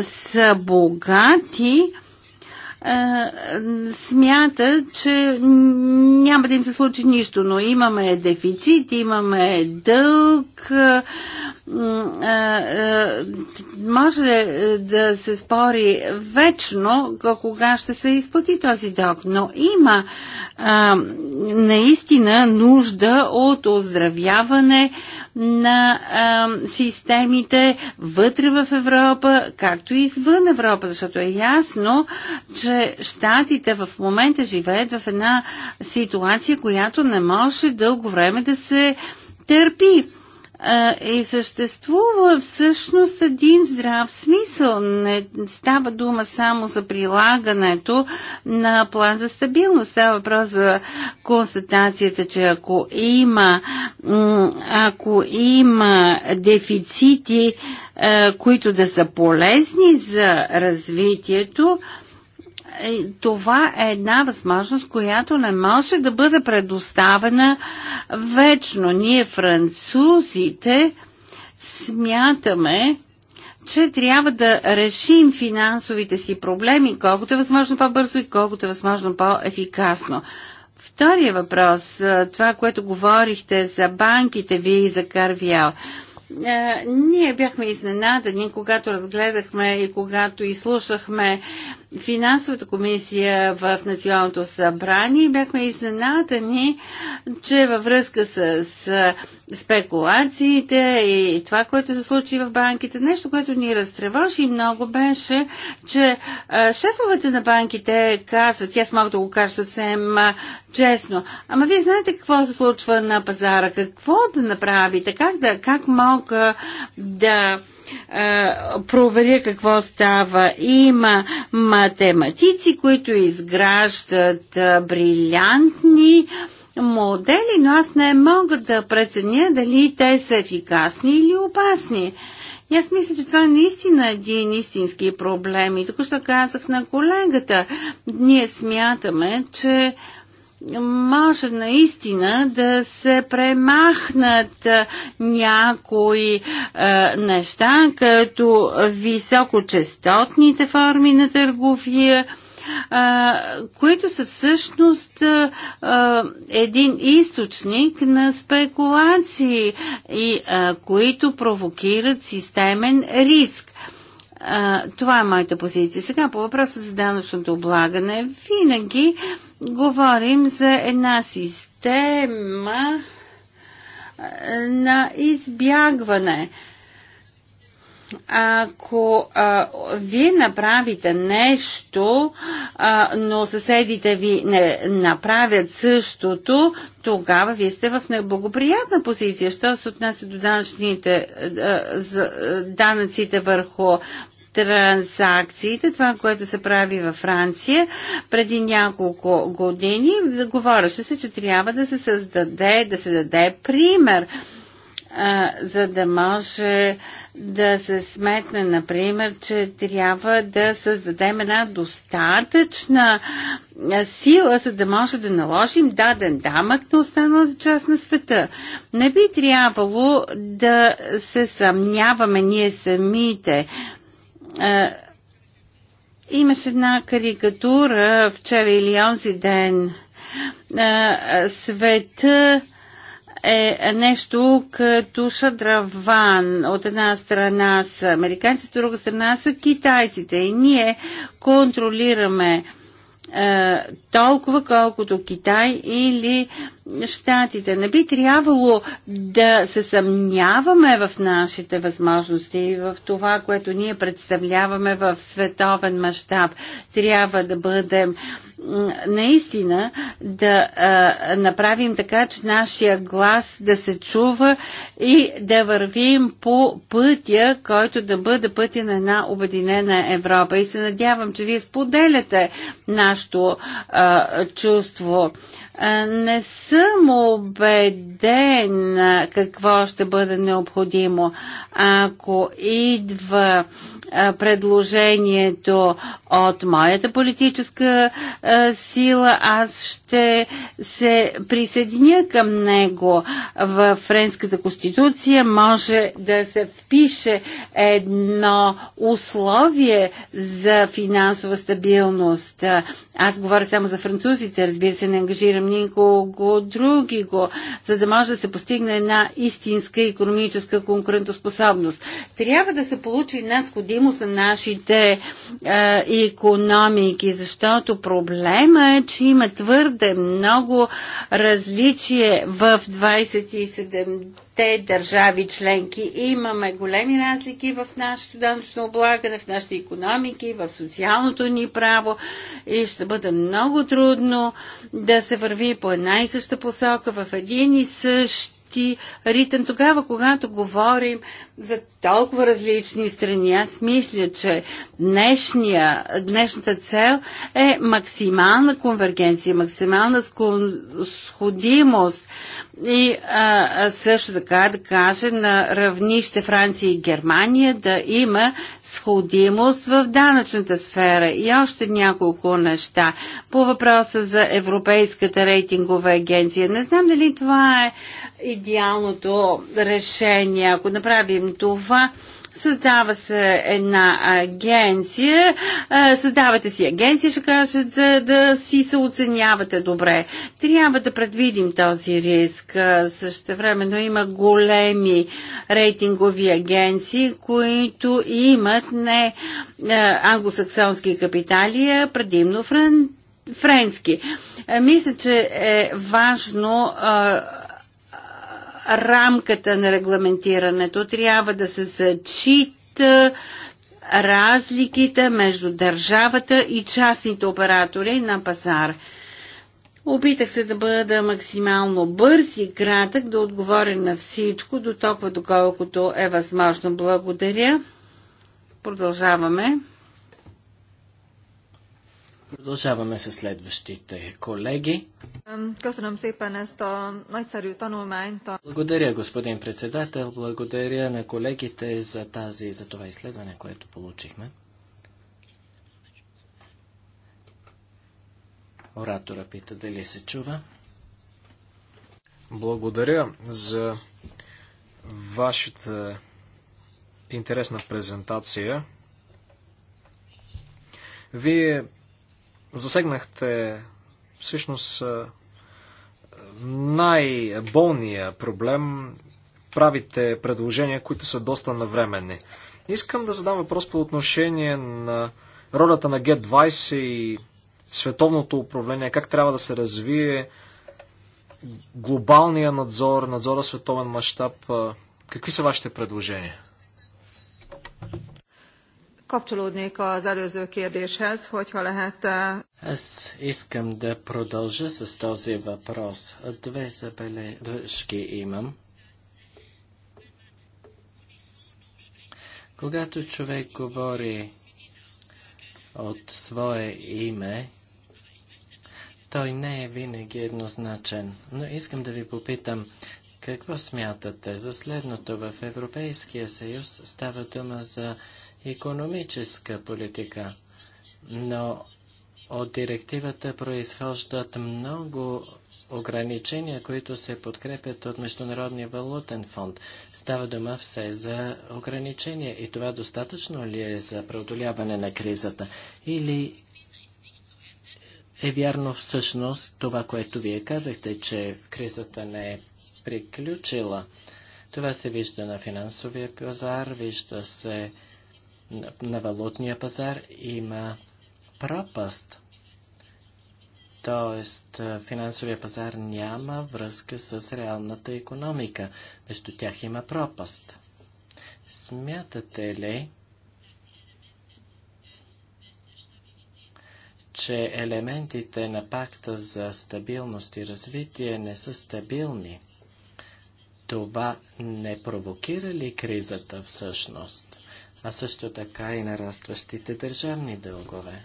са богати, а, смята, че няма да им се случи нищо, но имаме дефицит, имаме дълг, а, може е, да се спори вечно кога ще се изплати този дълг, но има а, наистина нужда от оздравяване на а, системите вътре в Европа, както и извън Европа, защото е ясно, че щатите в момента живеят в една ситуация, която не може дълго време да се търпи и съществува всъщност един здрав смисъл. Не става дума само за прилагането на план за стабилност. Става въпрос за констатацията, че ако има, ако има дефицити, които да са полезни за развитието, е, това е една възможност, която не може да бъде предоставена вечно. Ние, французите, смятаме, че трябва да решим финансовите си проблеми колкото е възможно по-бързо и колкото е възможно по-ефикасно. Втория въпрос, е, това, което говорихте за банките вие и за Карвиал. Е, ние бяхме изненадани, когато разгледахме и когато изслушахме финансовата комисия в Националното събрание, бяхме изненадани, че във връзка с спекулациите и това, което се случи в банките. Нещо, което ни разтревожи много беше, че шефовете на банките казват, аз мога да го кажа съвсем честно, ама вие знаете какво се случва на пазара, какво да направите, как, да, как мога да проверя какво става. Има математици, които изграждат брилянтни модели, но аз не мога да преценя дали те са ефикасни или опасни. И аз мисля, че това е наистина един истински проблем. И току ще казах на колегата, ние смятаме, че може наистина да се премахнат някои е, неща, като високочастотните форми на търговия, а, които са всъщност а, един източник на спекулации и а, които провокират системен риск. А, това е моята позиция. Сега по въпроса за данъчното облагане. Винаги говорим за една система на избягване. А, ако а, вие направите нещо, а, но съседите ви не направят същото, тогава вие сте в неблагоприятна позиция. Що се отнася до данъчните, а, за, данъците върху транзакциите, това, което се прави във Франция преди няколко години, говореше се, че трябва да се създаде, да се даде пример за да може да се сметне, например, че трябва да създадем една достатъчна сила, за да може да наложим даден дамък на останалата част на света. Не би трябвало да се съмняваме ние самите. имаше една карикатура вчера или онзи ден. света е нещо като шадраван. От една страна са американците, от друга страна са китайците. И ние контролираме е, толкова колкото Китай или Штатите. Не би трябвало да се съмняваме в нашите възможности и в това, което ние представляваме в световен мащаб. Трябва да бъдем наистина да а, направим така, че нашия глас да се чува и да вървим по пътя, който да бъде пътя на една обединена Европа. И се надявам, че вие споделяте нашето а, чувство. А, не съм убеден какво ще бъде необходимо. Ако идва а, предложението от моята политическа сила, аз ще се присъединя към него. В Френската конституция може да се впише едно условие за финансова стабилност. Аз говоря само за французите, разбира се, не ангажирам никого други го, за да може да се постигне една истинска економическа конкурентоспособност. Трябва да се получи една сходи стабилност на нашите е, економики, защото проблема е, че има твърде много различие в 27 те държави членки. Имаме големи разлики в нашето данъчно облагане, в нашите економики, в социалното ни право и ще бъде много трудно да се върви по една и съща посока в един и същ ти ритъм. Тогава, когато говорим за толкова различни страни, аз мисля, че днешния, днешната цел е максимална конвергенция, максимална сходимост и а, също така да кажем на равнище Франция и Германия да има сходимост в данъчната сфера и още няколко неща. По въпроса за Европейската рейтингова агенция, не знам дали това е идеалното решение. Ако направим това, Създава се една агенция, създавате си агенция, ще кажат, за да си се оценявате добре. Трябва да предвидим този риск. Също но има големи рейтингови агенции, които имат не англосаксонски капитали, а предимно френски. Мисля, че е важно рамката на регламентирането. Трябва да се зачита разликите между държавата и частните оператори на пазар. Опитах се да бъда максимално бърз и кратък, да отговоря на всичко, до толкова доколкото е възможно. Благодаря. Продължаваме. Продължаваме с следващите колеги. Благодаря, господин председател. Благодаря на колегите за, тази, за това изследване, което получихме. Оратора пита дали се чува. Благодаря за вашата интересна презентация. Вие Засегнахте всъщност най-болния проблем. Правите предложения, които са доста навременни. Искам да задам въпрос по отношение на ролята на G20 и световното управление, как трябва да се развие глобалния надзор, надзора световен мащаб. Какви са вашите предложения? Kapcsolódnék az előző kérdéshez, hogyha lehet. Eh, Аз искам да продължа с този въпрос. Две забележки имам. Когато човек говори от свое име, той не е винаги еднозначен. Но искам да ви попитам, какво смятате за следното в Европейския съюз? Става дума за економическа политика, но от директивата произхождат много ограничения, които се подкрепят от Международния валутен фонд. Става дума все за ограничения. И това достатъчно ли е за преодоляване на кризата? Или е вярно всъщност това, което вие казахте, че кризата не е приключила? Това се вижда на финансовия пазар, вижда се на валутния пазар има пропаст. Тоест, финансовия пазар няма връзка с реалната економика. Между тях има пропаст. Смятате ли, че елементите на пакта за стабилност и развитие не са стабилни? Това не провокира ли кризата всъщност? а също така и нарастващите държавни дългове.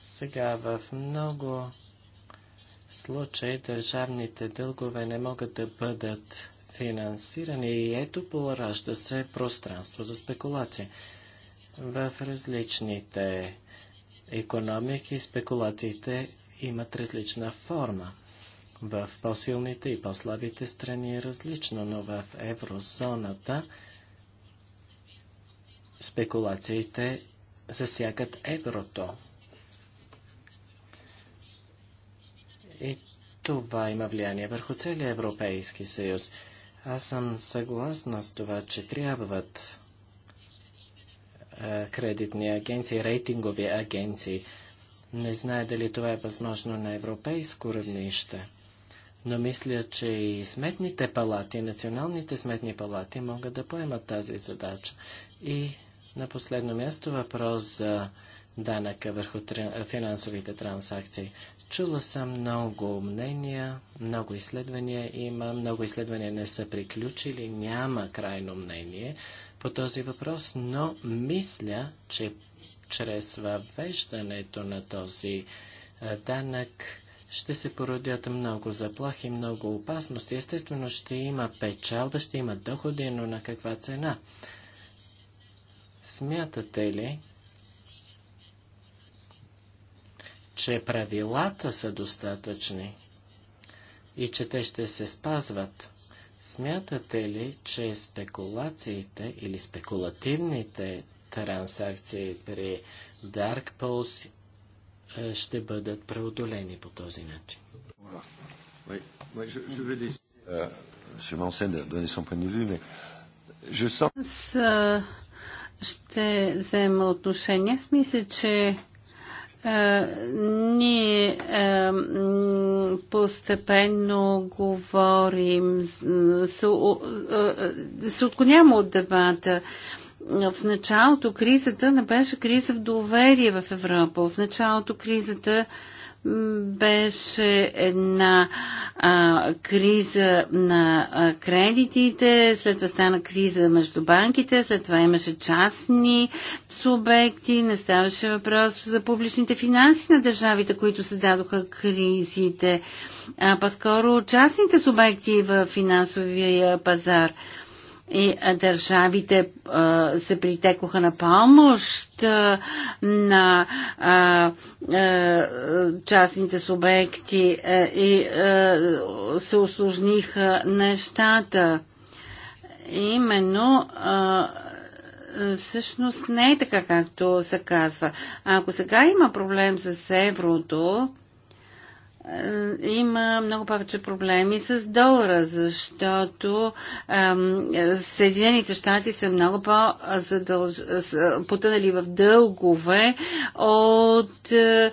Сега в много случаи държавните дългове не могат да бъдат финансирани и ето поражда се пространство за спекулация. В различните економики спекулациите имат различна форма. В по-силните и по-слабите страни е различно, но в еврозоната спекулациите засягат еврото. И това има влияние върху целия Европейски съюз. Аз съм съгласна с това, че трябват е, кредитни агенции, рейтингови агенции. Не знае дали това е възможно на европейско равнище. Но мисля, че и сметните палати, националните сметни палати могат да поемат тази задача. И на последно място въпрос за данъка върху финансовите транзакции. Чула съм много мнения, много изследвания има, много изследвания не са приключили, няма крайно мнение по този въпрос, но мисля, че чрез въвеждането на този данък ще се породят много заплахи, много опасности. Естествено ще има печалба, ще има доходи, но на каква цена? Смятате ли, че правилата са достатъчни и че те ще се спазват? Смятате ли, че спекулациите или спекулативните трансакции при Dark Pulse е, ще бъдат преодолени по този начин? Oui, euh, son point de vue, mais je sens ще взема отношение. Аз мисля, че е, ние е, постепенно говорим, се е, отклоняваме от дебата. В началото кризата не беше криза в доверие в Европа. В началото кризата беше една а, криза на а, кредитите, след това стана криза между банките, след това имаше частни субекти, не ставаше въпрос за публичните финанси на държавите, които се дадоха кризите, а по-скоро частните субекти в финансовия пазар. А, и държавите а, се притекоха на помощ а, на а, а, частните субекти а, и а, се осложниха нещата. Именно а, всъщност не е така, както се казва. Ако сега има проблем с еврото, е, има много повече проблеми с долара, защото ем, Съединените щати са много по-потънали в дългове от е,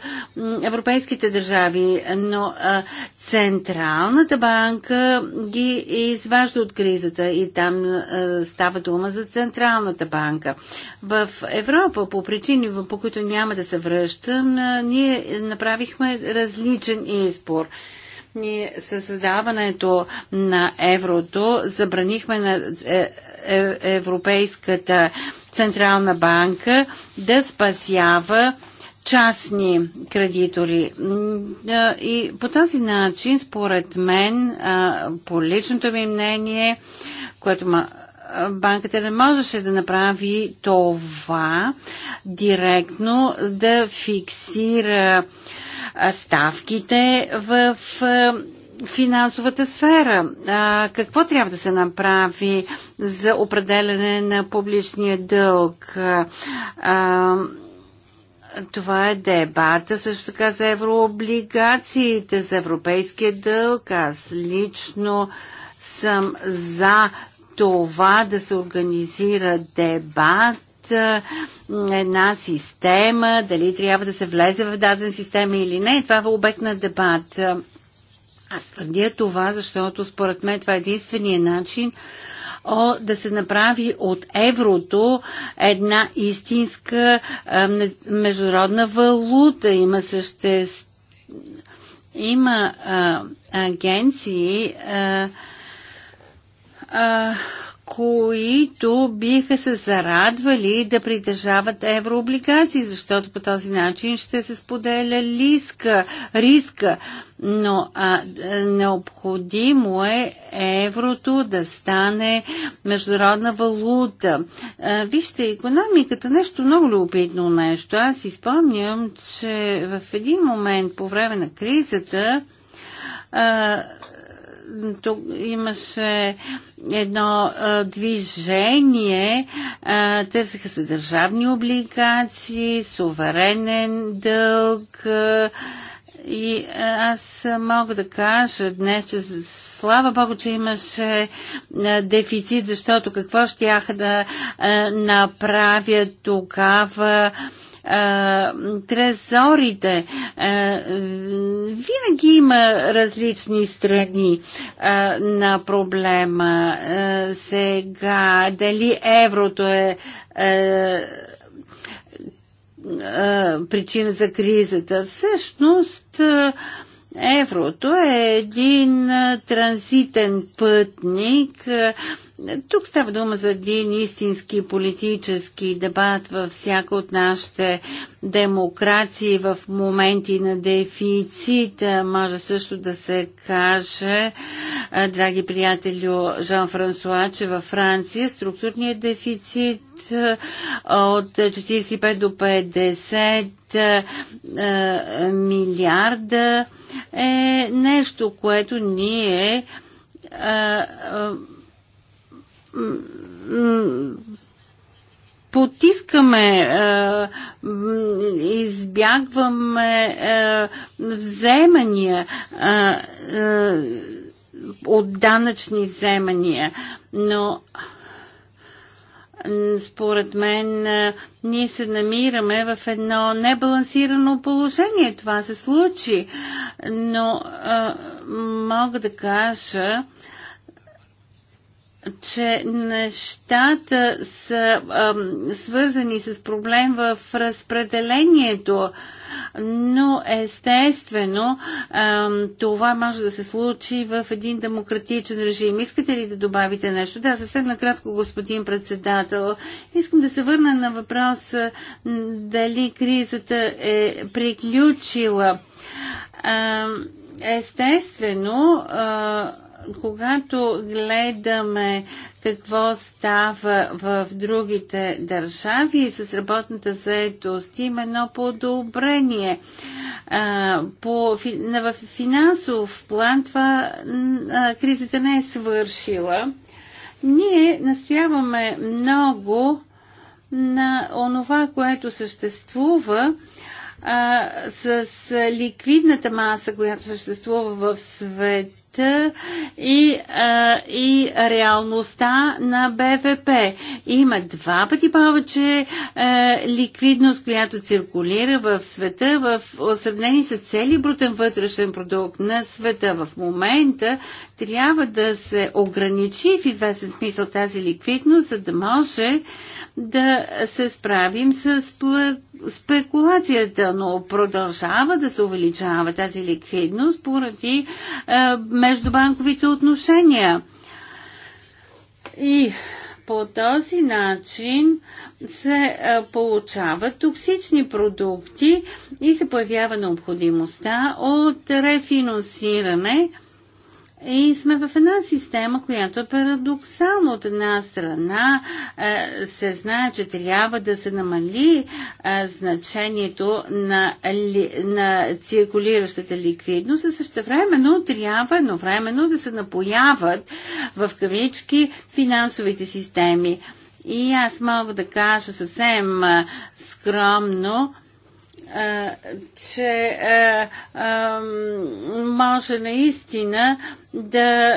европейските държави, но е, Централната банка ги изважда от кризата и там е, става дума за Централната банка. В Европа, по причини, по които няма да се връщам, е, ние направихме различен и избор. Ние със създаването на еврото забранихме на е, е, Европейската централна банка да спасява частни кредитори. Е, и по този начин, според мен, по личното ми мнение, което ма, банката не можеше да направи това директно да фиксира ставките в финансовата сфера. какво трябва да се направи за определене на публичния дълг? това е дебата също така за еврооблигациите, за европейския дълг. Аз лично съм за това да се организира дебат е, една система, дали трябва да се влезе в дадена система или не. Това е обект на дебат. Аз твърдя това, защото според мен това е единствения начин о, да се направи от еврото една истинска а, е, международна валута. Има също... Има а, е, агенции, а, а, които биха се зарадвали да притежават еврооблигации, защото по този начин ще се споделя риска. риска. Но а, необходимо е еврото да стане международна валута. А, вижте, економиката нещо много любопитно нещо. Аз изпомням, че в един момент по време на кризата а, тук имаше едно а, движение, а, търсеха се държавни облигации, суверенен дълг. А, и аз мога да кажа днес, че слава Богу, че имаше дефицит, защото какво яха да направят тогава трезорите. Винаги има различни страни на проблема. Сега, дали еврото е, е причина за кризата. Всъщност, еврото е един транзитен пътник тук става дума за един истински политически дебат във всяка от нашите демокрации в моменти на дефицит. Може също да се каже, драги приятели Жан-Франсуа, че във Франция структурният дефицит от 45 до 50 милиарда е нещо, което ние потискаме, е, избягваме е, вземания е, от данъчни вземания, но според мен ние се намираме в едно небалансирано положение. Това се случи. Но мога да кажа, че нещата са ам, свързани с проблем в разпределението, но естествено ам, това може да се случи в един демократичен режим. Искате ли да добавите нещо? Да, съвсем накратко, господин председател. Искам да се върна на въпроса дали кризата е приключила. Ам, естествено, ам, когато гледаме какво става в другите държави с работната заетост, има едно подобрение. По, в финансов план това кризата не е свършила. Ние настояваме много на онова, което съществува а, с ликвидната маса, която съществува в света бюджета и, а, и реалността на БВП. Има два пъти повече а, ликвидност, която циркулира в света, в сравнение с цели брутен вътрешен продукт на света. В момента трябва да се ограничи в известен смисъл тази ликвидност, за да може да се справим с спекулацията, но продължава да се увеличава тази ликвидност поради междубанковите отношения. И по този начин се получават токсични продукти и се появява необходимостта от рефинансиране и сме в една система, която е парадоксална. От една страна е, се знае, че трябва да се намали е, значението на, на циркулиращата ликвидност, а същевременно трябва едновременно да се напояват в кавички финансовите системи. И аз мога да кажа съвсем е, скромно, е, че е, е, може наистина да,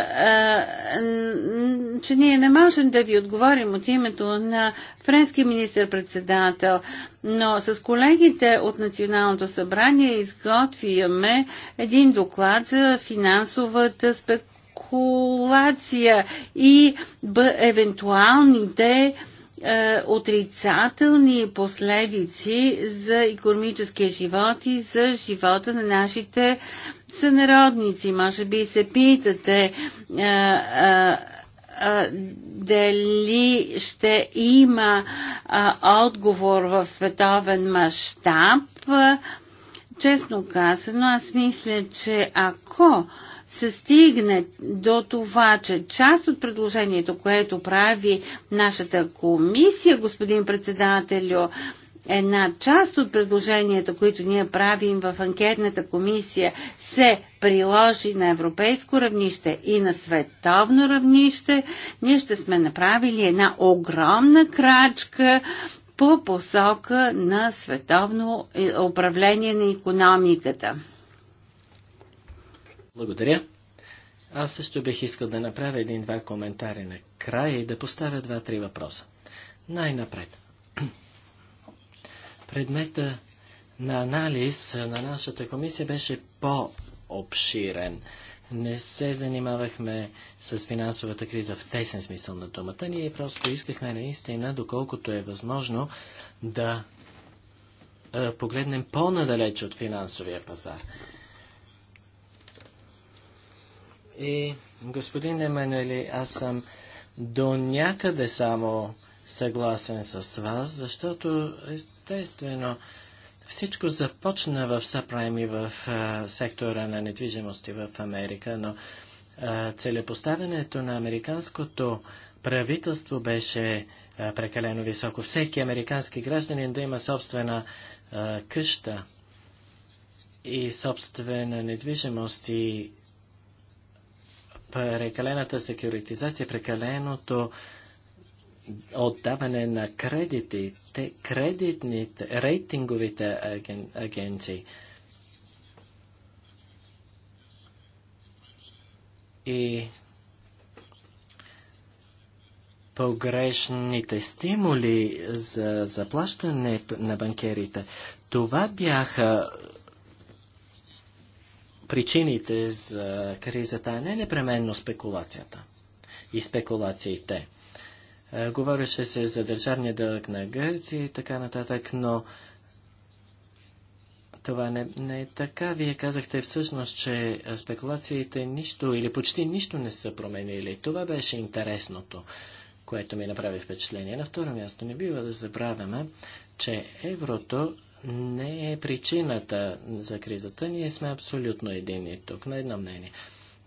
че ние не можем да ви отговорим от името на френски министр-председател, но с колегите от Националното събрание изготвяме един доклад за финансовата спекулация и евентуалните а, е, отрицателни последици за економическия живот и за живота на нашите сънародници. Може би се питате е, е, дали ще има отговор в световен мащаб. Честно казано, аз мисля, че ако се стигне до това, че част от предложението, което прави нашата комисия, господин председателю, една част от предложенията, които ние правим в анкетната комисия, се приложи на европейско равнище и на световно равнище, ние ще сме направили една огромна крачка по посока на световно управление на економиката. Благодаря. Аз също бих искал да направя един-два коментари на края и да поставя два-три въпроса. Най-напред. Предмета на анализ на нашата комисия беше по-обширен. Не се занимавахме с финансовата криза в тесен смисъл на думата. Ние просто искахме наистина, доколкото е възможно, да погледнем по-надалече от финансовия пазар. И господин Емануели, аз съм до някъде само съгласен с вас, защото естествено всичко започна в Сапрайм и в а, сектора на недвижимости в Америка, но а, целепоставянето на американското правителство беше а, прекалено високо. Всеки американски гражданин да има собствена а, къща и собствена недвижимост и прекалената секюритизация, прекаленото отдаване на кредитите, кредитните, рейтинговите аген, агенции. И погрешните стимули за заплащане на банкерите. Това бяха причините за кризата, не е непременно спекулацията и спекулациите. Е, говореше се за държавния дълъг на Гърция и така нататък, но това не, не е така. Вие казахте всъщност, че спекулациите нищо или почти нищо не са променили. Това беше интересното, което ми направи впечатление. На второ място не бива да забравяме, че еврото не е причината за кризата. Ние сме абсолютно едини тук, на едно мнение.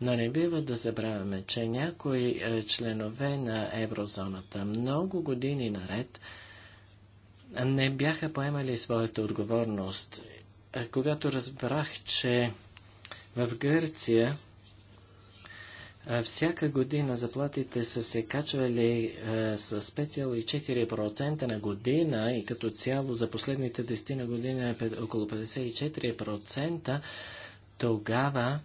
Но не бива да забравяме, че някои е, членове на еврозоната много години наред не бяха поемали своята отговорност. Е, когато разбрах, че в Гърция всяка година заплатите са се качвали с 5,4% на година и като цяло за последните 10 на година е около 54%. Тогава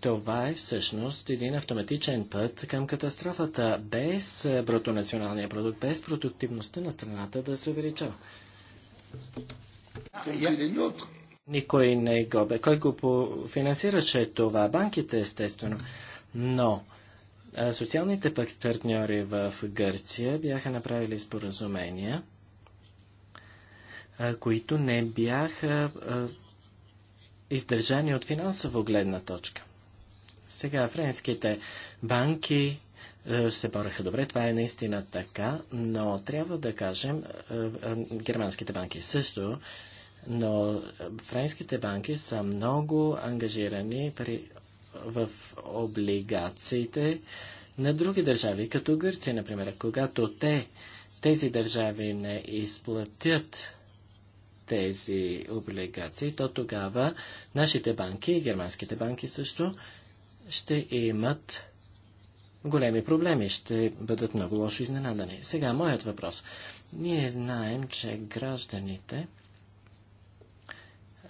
това е всъщност един автоматичен път към катастрофата, без брутонационалния продукт, без продуктивността на страната да се увеличава. Никой не го бе. Кой го финансираше това? Банките, естествено. Но социалните партньори в Гърция бяха направили споразумения, които не бяха издържани от финансово гледна точка. Сега френските банки се бореха добре, това е наистина така, но трябва да кажем, германските банки също но френските банки са много ангажирани при, в облигациите на други държави, като Гърция, например. Когато те, тези държави не изплатят тези облигации, то тогава нашите банки и германските банки също ще имат големи проблеми, ще бъдат много лошо изненадани. Сега, моят въпрос. Ние знаем, че гражданите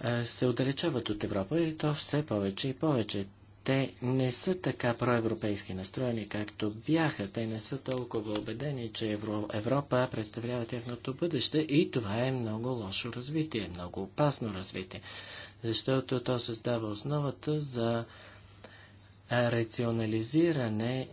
е, се отдалечават от Европа и то все повече и повече. Те не са така проевропейски настроени, както бяха. Те не са толкова убедени, че Евро... Европа представлява тяхното бъдеще и това е много лошо развитие, много опасно развитие, защото то създава основата за е, рационализиране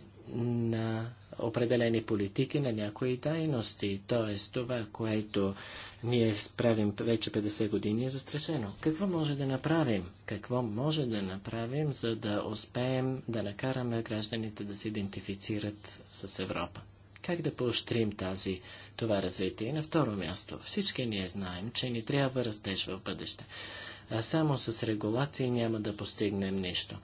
на определени политики на някои дайности. Тоест, това, което ние правим вече 50 години е застрашено. Какво може да направим? Какво може да направим, за да успеем да накараме гражданите да се идентифицират с Европа? Как да поощрим тази, това развитие? И на второ място, всички ние знаем, че ни трябва растеж в бъдеще. А само с регулации няма да постигнем нищо.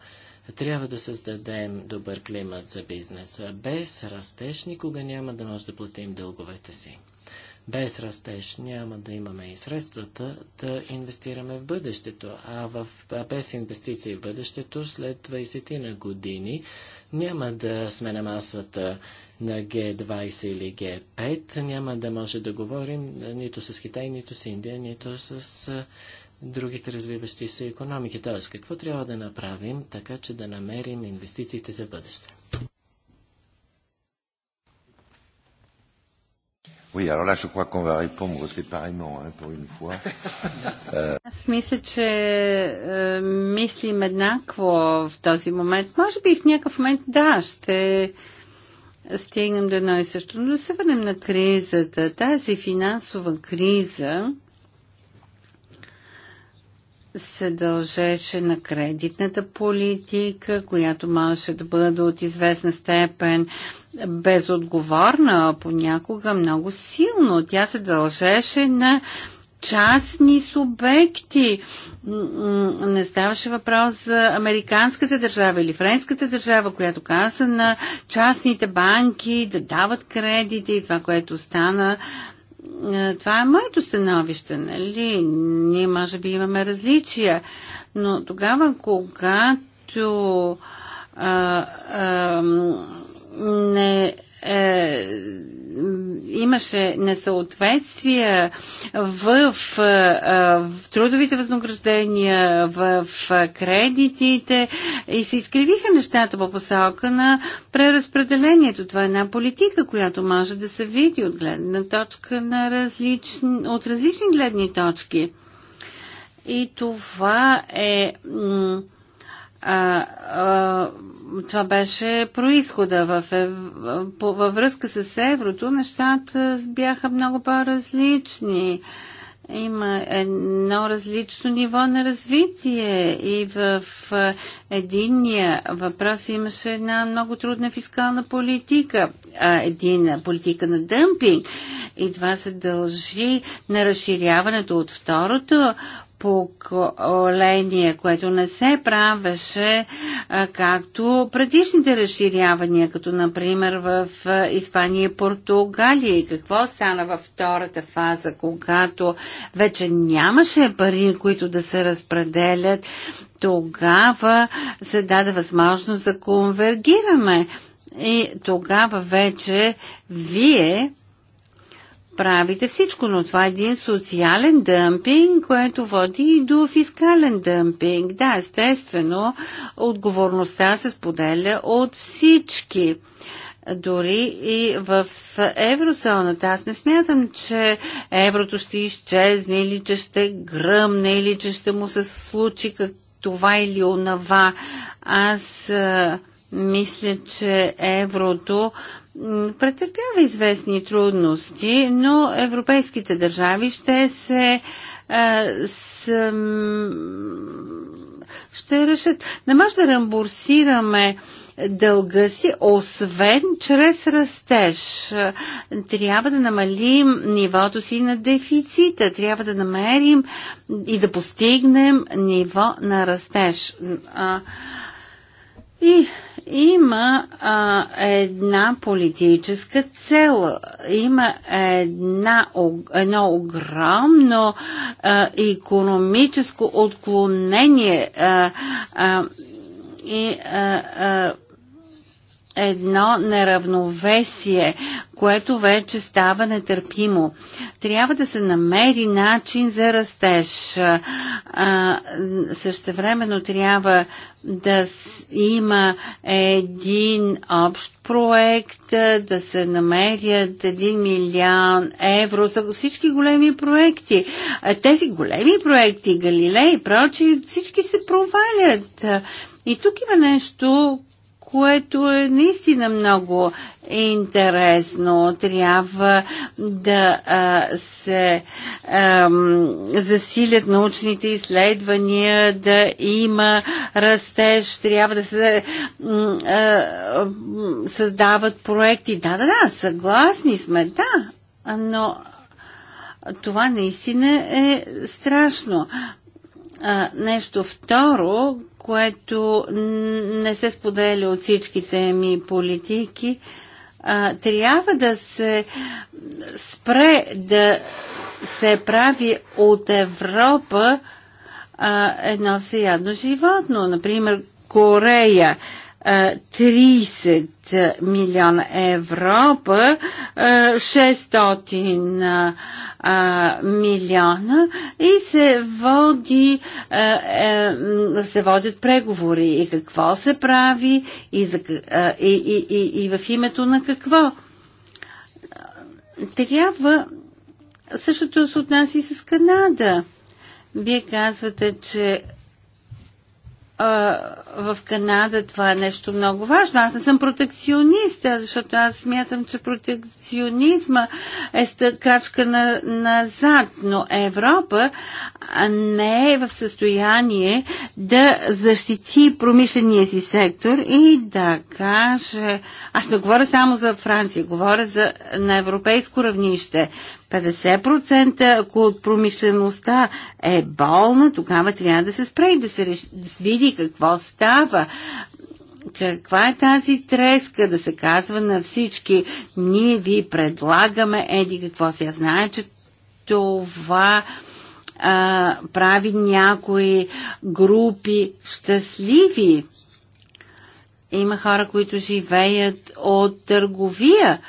Трябва да създадем добър климат за бизнеса. Без растеж никога няма да може да платим дълговете си. Без растеж няма да имаме и средствата да инвестираме в бъдещето, а, в, а без инвестиции в бъдещето след 20 на години няма да сме на масата на Г20 или Г5, няма да може да говорим нито с Китай, нито с Индия, нито с другите развиващи се економики. Тоест, какво трябва да направим, така че да намерим инвестициите за бъдеще? Oui, alors là, je crois qu'on va répondre séparément, hein, pour une fois. Euh, Аз мисля, че е, мислим еднакво в този момент. Може би в някакъв момент, да, ще стигнем до едно и също. Но да се върнем на кризата. Тази финансова криза се дължеше на кредитната политика, която можеше да бъде от известна степен безотговорна, понякога много силно. Тя се дължеше на частни субекти. Не ставаше въпрос за американската държава или френската държава, която каза на частните банки да дават кредити и това, което стана е, това е моето становище, нали? Ние може би имаме различия, но тогава, когато а, а, не е, имаше несъответствия в, в, в трудовите възнаграждения, в, в кредитите и се изкривиха нещата по посалка на преразпределението. Това е една политика, която може да се види от гледна точка на различни, от различни гледни точки. И това е а, а, това беше происхода. В, ев... във връзка с еврото нещата бяха много по-различни. Има едно различно ниво на развитие и в единия въпрос имаше една много трудна фискална политика, а един политика на дъмпинг. И това се дължи на разширяването от второто поколение, което не се правеше както предишните разширявания, като например в Испания и Португалия. И какво стана във втората фаза, когато вече нямаше пари, които да се разпределят, тогава се даде възможност за конвергиране. И тогава вече вие правите всичко, но това е един социален дъмпинг, което води и до фискален дъмпинг. Да, естествено, отговорността се споделя от всички. Дори и в еврозоната. Аз не смятам, че еврото ще изчезне или че ще гръмне или че ще му се случи как това или онова. Аз мисля, че еврото претърпява известни трудности, но европейските държави ще се с, ще решат. Не може да рамбурсираме дълга си, освен чрез растеж. Трябва да намалим нивото си на дефицита, трябва да намерим и да постигнем ниво на растеж. И има а, една политическа цел, има една, едно огромно а, економическо отклонение. А, а, и а, а, едно неравновесие, което вече става нетърпимо. Трябва да се намери начин за растеж. А, същевременно трябва да има един общ проект, да се намерят 1 милион евро за всички големи проекти. Тези големи проекти, Галилей и прочи, всички се провалят. И тук има нещо, което е наистина много интересно. Трябва да а, се а, засилят научните изследвания, да има растеж, трябва да се а, създават проекти. Да, да, да, съгласни сме, да, но това наистина е страшно. А, нещо второ, което не се споделя от всичките ми политики. А, трябва да се спре да се прави от Европа а, едно всеядно животно. Например, Корея. 30 милиона Европа, 600 милиона и се, води, е, е, се водят преговори и какво се прави и, за, е, и, и, и, и в името на какво. Трябва същото се отнася и с Канада. Вие казвате, че в Канада това е нещо много важно. Аз не съм протекционист, защото аз смятам, че протекционизма е крачка на, назад, но Европа не е в състояние да защити промишления си сектор и да каже... Аз не говоря само за Франция, говоря за, на европейско равнище. 50%, ако от промишлеността е болна, тогава трябва да се спре и да се, реш... да види какво става става каква е тази треска да се казва на всички, ние ви предлагаме, еди какво си, я знае, че това а, прави някои групи щастливи. Има хора, които живеят от търговия,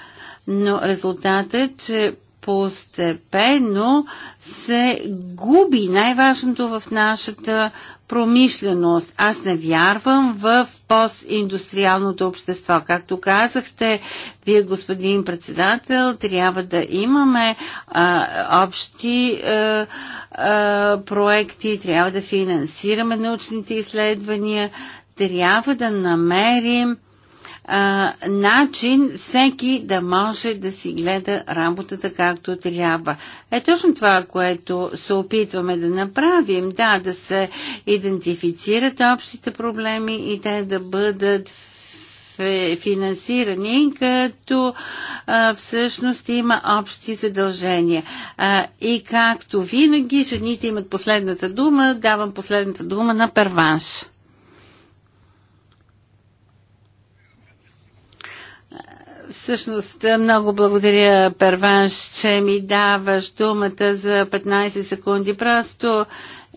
но резултатът е, че постепенно се губи най-важното в нашата промишленост. Аз не вярвам в постиндустриалното общество. Както казахте, вие, господин председател, трябва да имаме а, общи а, а, проекти, трябва да финансираме научните изследвания, трябва да намерим а, начин всеки да може да си гледа работата както трябва. Е точно това, което се опитваме да направим, да, да се идентифицират общите проблеми и те да бъдат финансирани, като а, всъщност има общи задължения. А, и както винаги, жените имат последната дума, давам последната дума на перванш. Всъщност, много благодаря, Перванш, че ми даваш думата за 15 секунди. Просто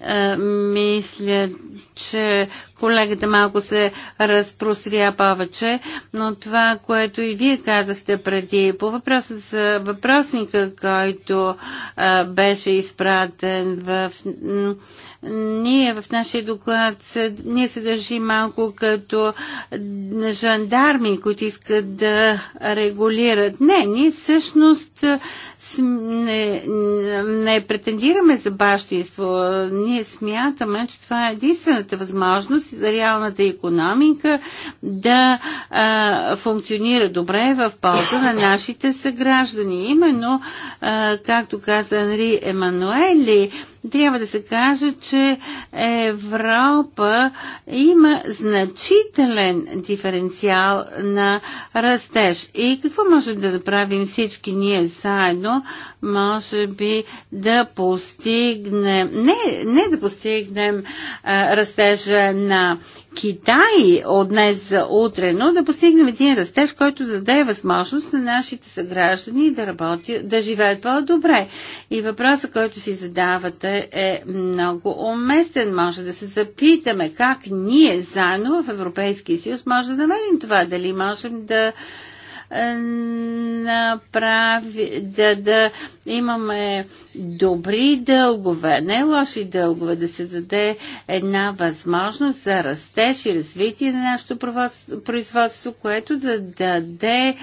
е, мисля, че колегата малко се разпростря повече, но това, което и вие казахте преди по въпроса за въпросника, който е, беше изпратен в ние в нашия доклад ние се държим малко като жандарми, които искат да регулират. Не, ние всъщност не, не претендираме за бащинство. Ние смятаме, че това е единствената възможност за реалната економика да а, функционира добре в полза на нашите съграждани. Именно, а, както каза Анри Емануели, трябва да се каже, че Европа има значителен диференциал на растеж. И какво можем да направим всички ние заедно, може би да постигнем, не, не да постигнем а, растежа на Китай от днес за утре, но да постигнем един растеж, който да даде възможност на нашите съграждани да работят, да живеят по-добре. И въпросът, който си задавате е много уместен. Може да се запитаме как ние заедно в Европейския съюз може да намерим това, дали можем да направи, да, да имаме добри дългове, не лоши дългове, да се даде една възможност за растеж и развитие на нашето производство, което да даде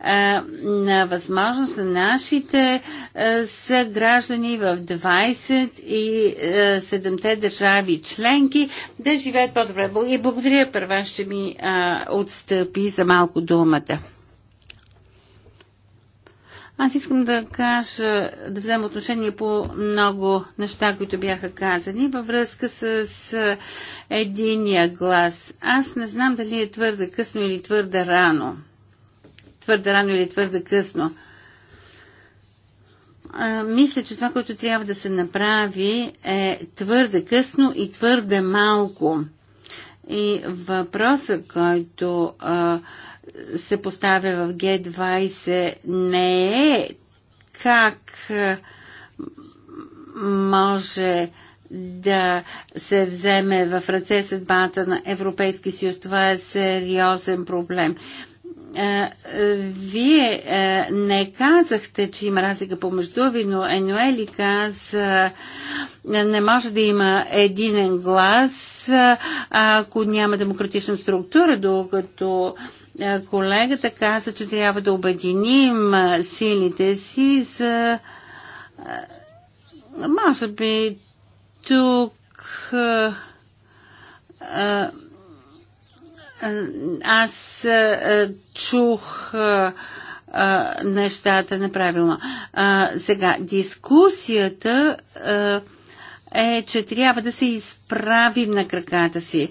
а, е, на възможност на нашите а, е, съграждани в 27-те държави членки да живеят по-добре. И благодаря, първа, ще ми а, отстъпи за малко думата. Аз искам да кажа, да взема отношение по много неща, които бяха казани във връзка с единия глас. Аз не знам дали е твърде късно или твърде рано. Твърде рано или твърде късно. мисля, че това, което трябва да се направи е твърде късно и твърде малко. И въпросът, който а, се поставя в Г20, не е как може да се вземе в ръце съдбата на Европейски съюз. Това е сериозен проблем. Е, е, вие е, не казахте, че има разлика помежду ви, но Енуели каза, не може да има единен глас, ако няма демократична структура, докато колегата каза, че трябва да обединим силите си за. Може би тук аз чух нещата неправилно. сега, дискусията е, че трябва да се изправим на краката си.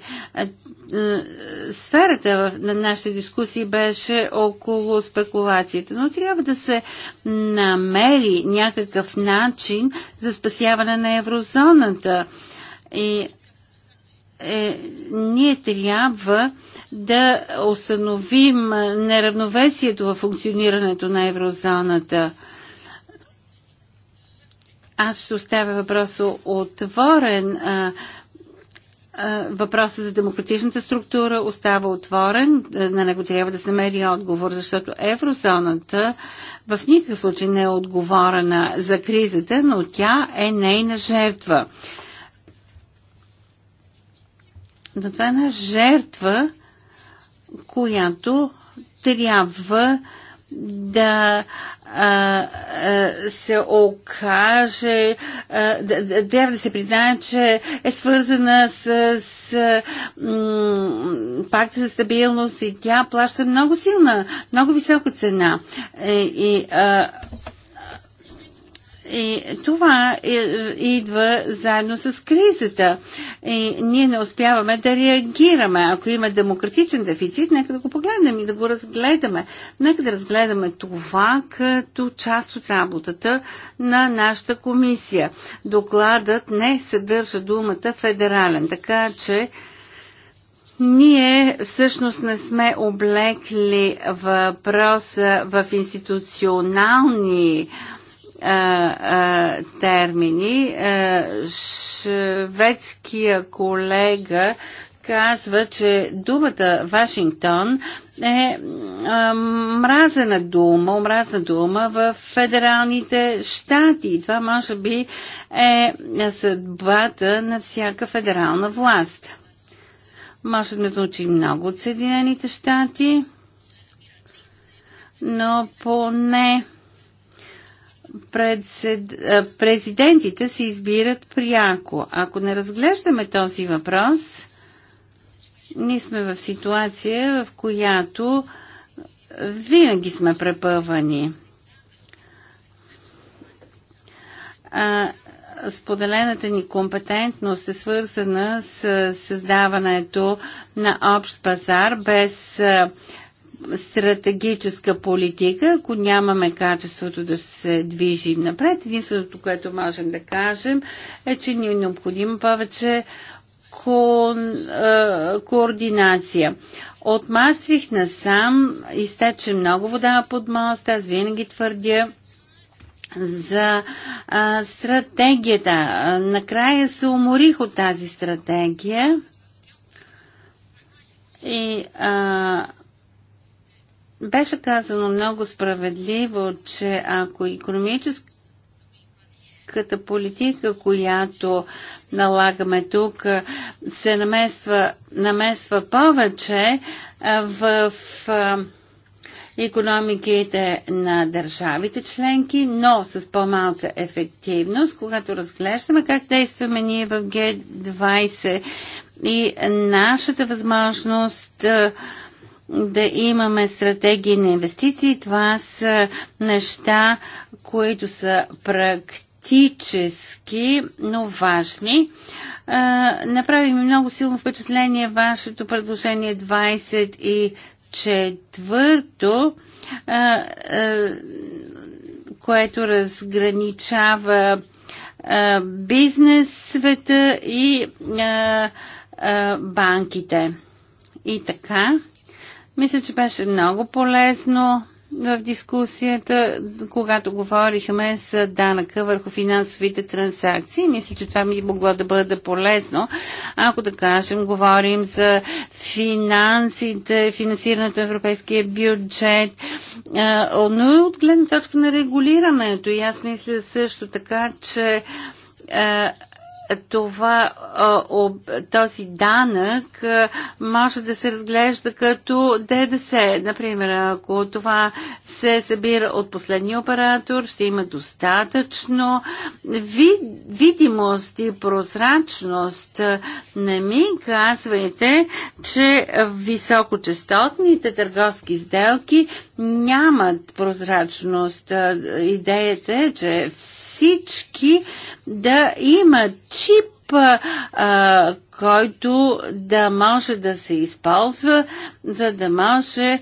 Сферата на нашите дискусии беше около спекулацията, но трябва да се намери някакъв начин за спасяване на еврозоната. И е, ние трябва да установим неравновесието в функционирането на еврозоната. Аз ще оставя въпроса отворен. Въпросът за демократичната структура остава отворен. На него трябва да се намери отговор, защото еврозоната в никакъв случай не е отговорена за кризата, но тя е нейна жертва. Но това е една жертва, която трябва да а, а, се окаже, а, да, трябва да се признае, че е свързана с, с м, пакта за стабилност и тя плаща много силна, много висока цена. И, е, и а, и това е, идва заедно с кризата. И ние не успяваме да реагираме. Ако има демократичен дефицит, нека да го погледнем и да го разгледаме. Нека да разгледаме това като част от работата на нашата комисия. Докладът не съдържа думата федерален, така че ние всъщност не сме облекли въпроса в институционални а, а, термини. Шведския колега казва, че думата Вашингтон е а, мразена дума, омразна дума в федералните щати. това може би е съдбата на всяка федерална власт. Може да научи много от Съединените щати, но поне председ... президентите се избират пряко. Ако не разглеждаме този въпрос, ние сме в ситуация, в която винаги сме препъвани. А, споделената ни компетентност е свързана с създаването на общ пазар без стратегическа политика, ако нямаме качеството да се движим напред. Единственото, което можем да кажем е, че ни е необходимо повече ко, координация. От Мастрих насам изтече много вода под моста, аз винаги твърдя за а, стратегията. Накрая се уморих от тази стратегия и а, беше казано много справедливо, че ако економическата политика, която налагаме тук, се намества намества повече в, в економиките на държавите членки, но с по-малка ефективност, когато разглеждаме как действаме ние в Г20 и нашата възможност да имаме стратегии на инвестиции. Това са неща, които са практически, но важни. Направи ми много силно впечатление вашето предложение 20 и четвърто, което разграничава бизнес света и банките. И така, мисля, че беше много полезно в дискусията, когато говорихме с данъка върху финансовите транзакции. Мисля, че това ми е могло да бъде полезно, ако да кажем, говорим за финансите, финансирането на европейския бюджет, но и от гледна точка на регулирането. И аз мисля също така, че това, този данък може да се разглежда като ДДС. Например, ако това се събира от последния оператор, ще има достатъчно видимост и прозрачност. Не ми казвайте, че високочастотните търговски сделки нямат прозрачност. Идеята е, че всички да имат чип, а, който да може да се използва, за да може.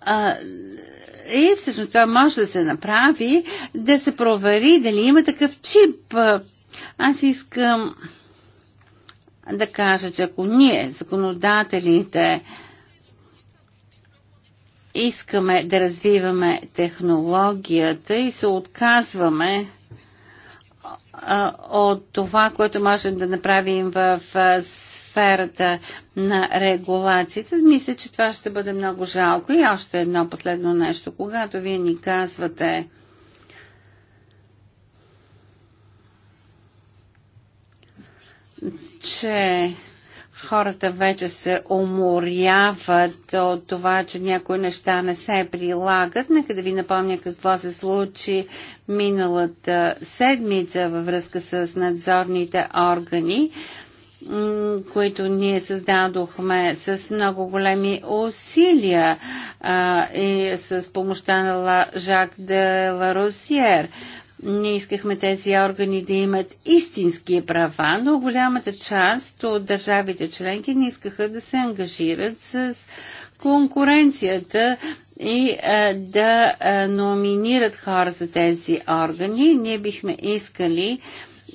А, и е, всъщност това може да се направи, да се провери дали има такъв чип. Аз искам да кажа, че ако ние, законодателите, искаме да развиваме технологията и се отказваме от това, което можем да направим в сферата на регулацията, Мисля, че това ще бъде много жалко. И още едно последно нещо. Когато вие ни казвате, че хората вече се уморяват от това, че някои неща не се прилагат. Нека да ви напомня какво се случи миналата седмица във връзка с надзорните органи които ние създадохме с много големи усилия а, и с помощта на Жак де Ларусиер. Ние искахме тези органи да имат истински права, но голямата част от държавите членки не искаха да се ангажират с конкуренцията и а, да а, номинират хора за тези органи. Ние бихме искали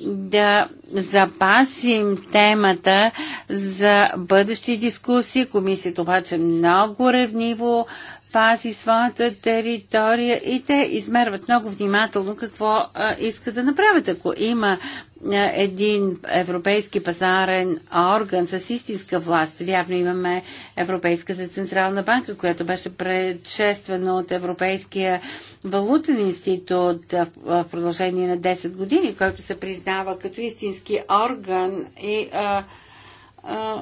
да запасим темата за бъдещи дискусии. Комисията обаче много ревниво пази своята територия и те измерват много внимателно какво а, иска да направят. Ако има а, един европейски пазарен орган с истинска власт, вярно имаме Европейската централна банка, която беше предшествана от Европейския валутен институт в, в продължение на 10 години, който се признава като истински орган и а, а,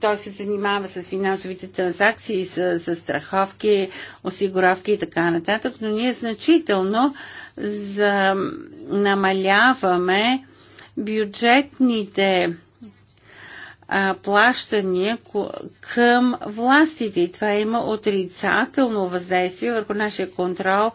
той се занимава с финансовите транзакции, с, с страховки, осигуровки и така нататък, но ние значително за, намаляваме бюджетните а, плащания към властите. И това има отрицателно въздействие върху нашия контрол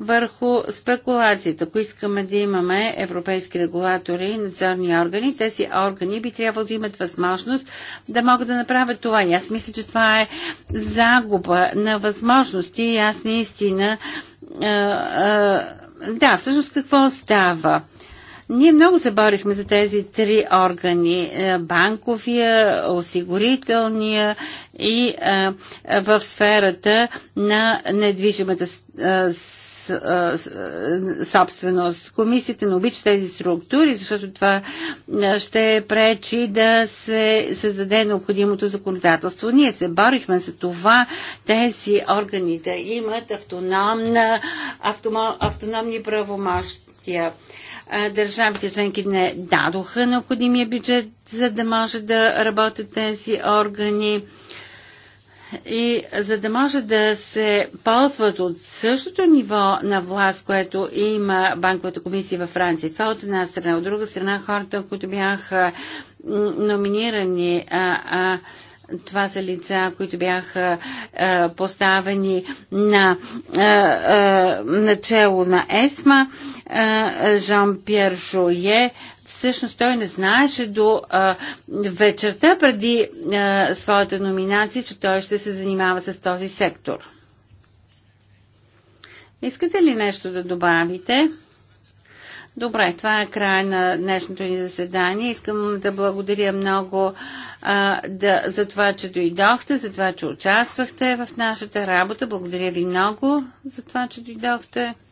върху спекулацията. Ако искаме да имаме европейски регулатори и надзорни органи, тези органи би трябвало да имат възможност да могат да направят това. И аз мисля, че това е загуба на възможности и аз наистина. да, всъщност какво става? Ние много се борихме за тези три органи е, банковия, осигурителния и а, е, в сферата на недвижимата е, собственост. Комисията не обича тези структури, защото това ще пречи да се създаде необходимото законодателство. Ние се борихме за това тези органи да имат автономна, автома, автономни правомощия държавите членки не дадоха необходимия бюджет, за да може да работят тези органи и за да може да се ползват от същото ниво на власт, което има банковата комисия във Франция. Това от една страна. От друга страна хората, които бяха номинирани, а, а, това са лица, които бяха а, поставени на а, а, начало на ЕСМА. Жан-Пьер Жойе всъщност той не знаеше до а, вечерта преди а, своята номинация, че той ще се занимава с този сектор. Искате ли нещо да добавите? Добре, това е край на днешното ни заседание. Искам да благодаря много а, да, за това, че дойдохте, за това, че участвахте в нашата работа. Благодаря ви много за това, че дойдохте.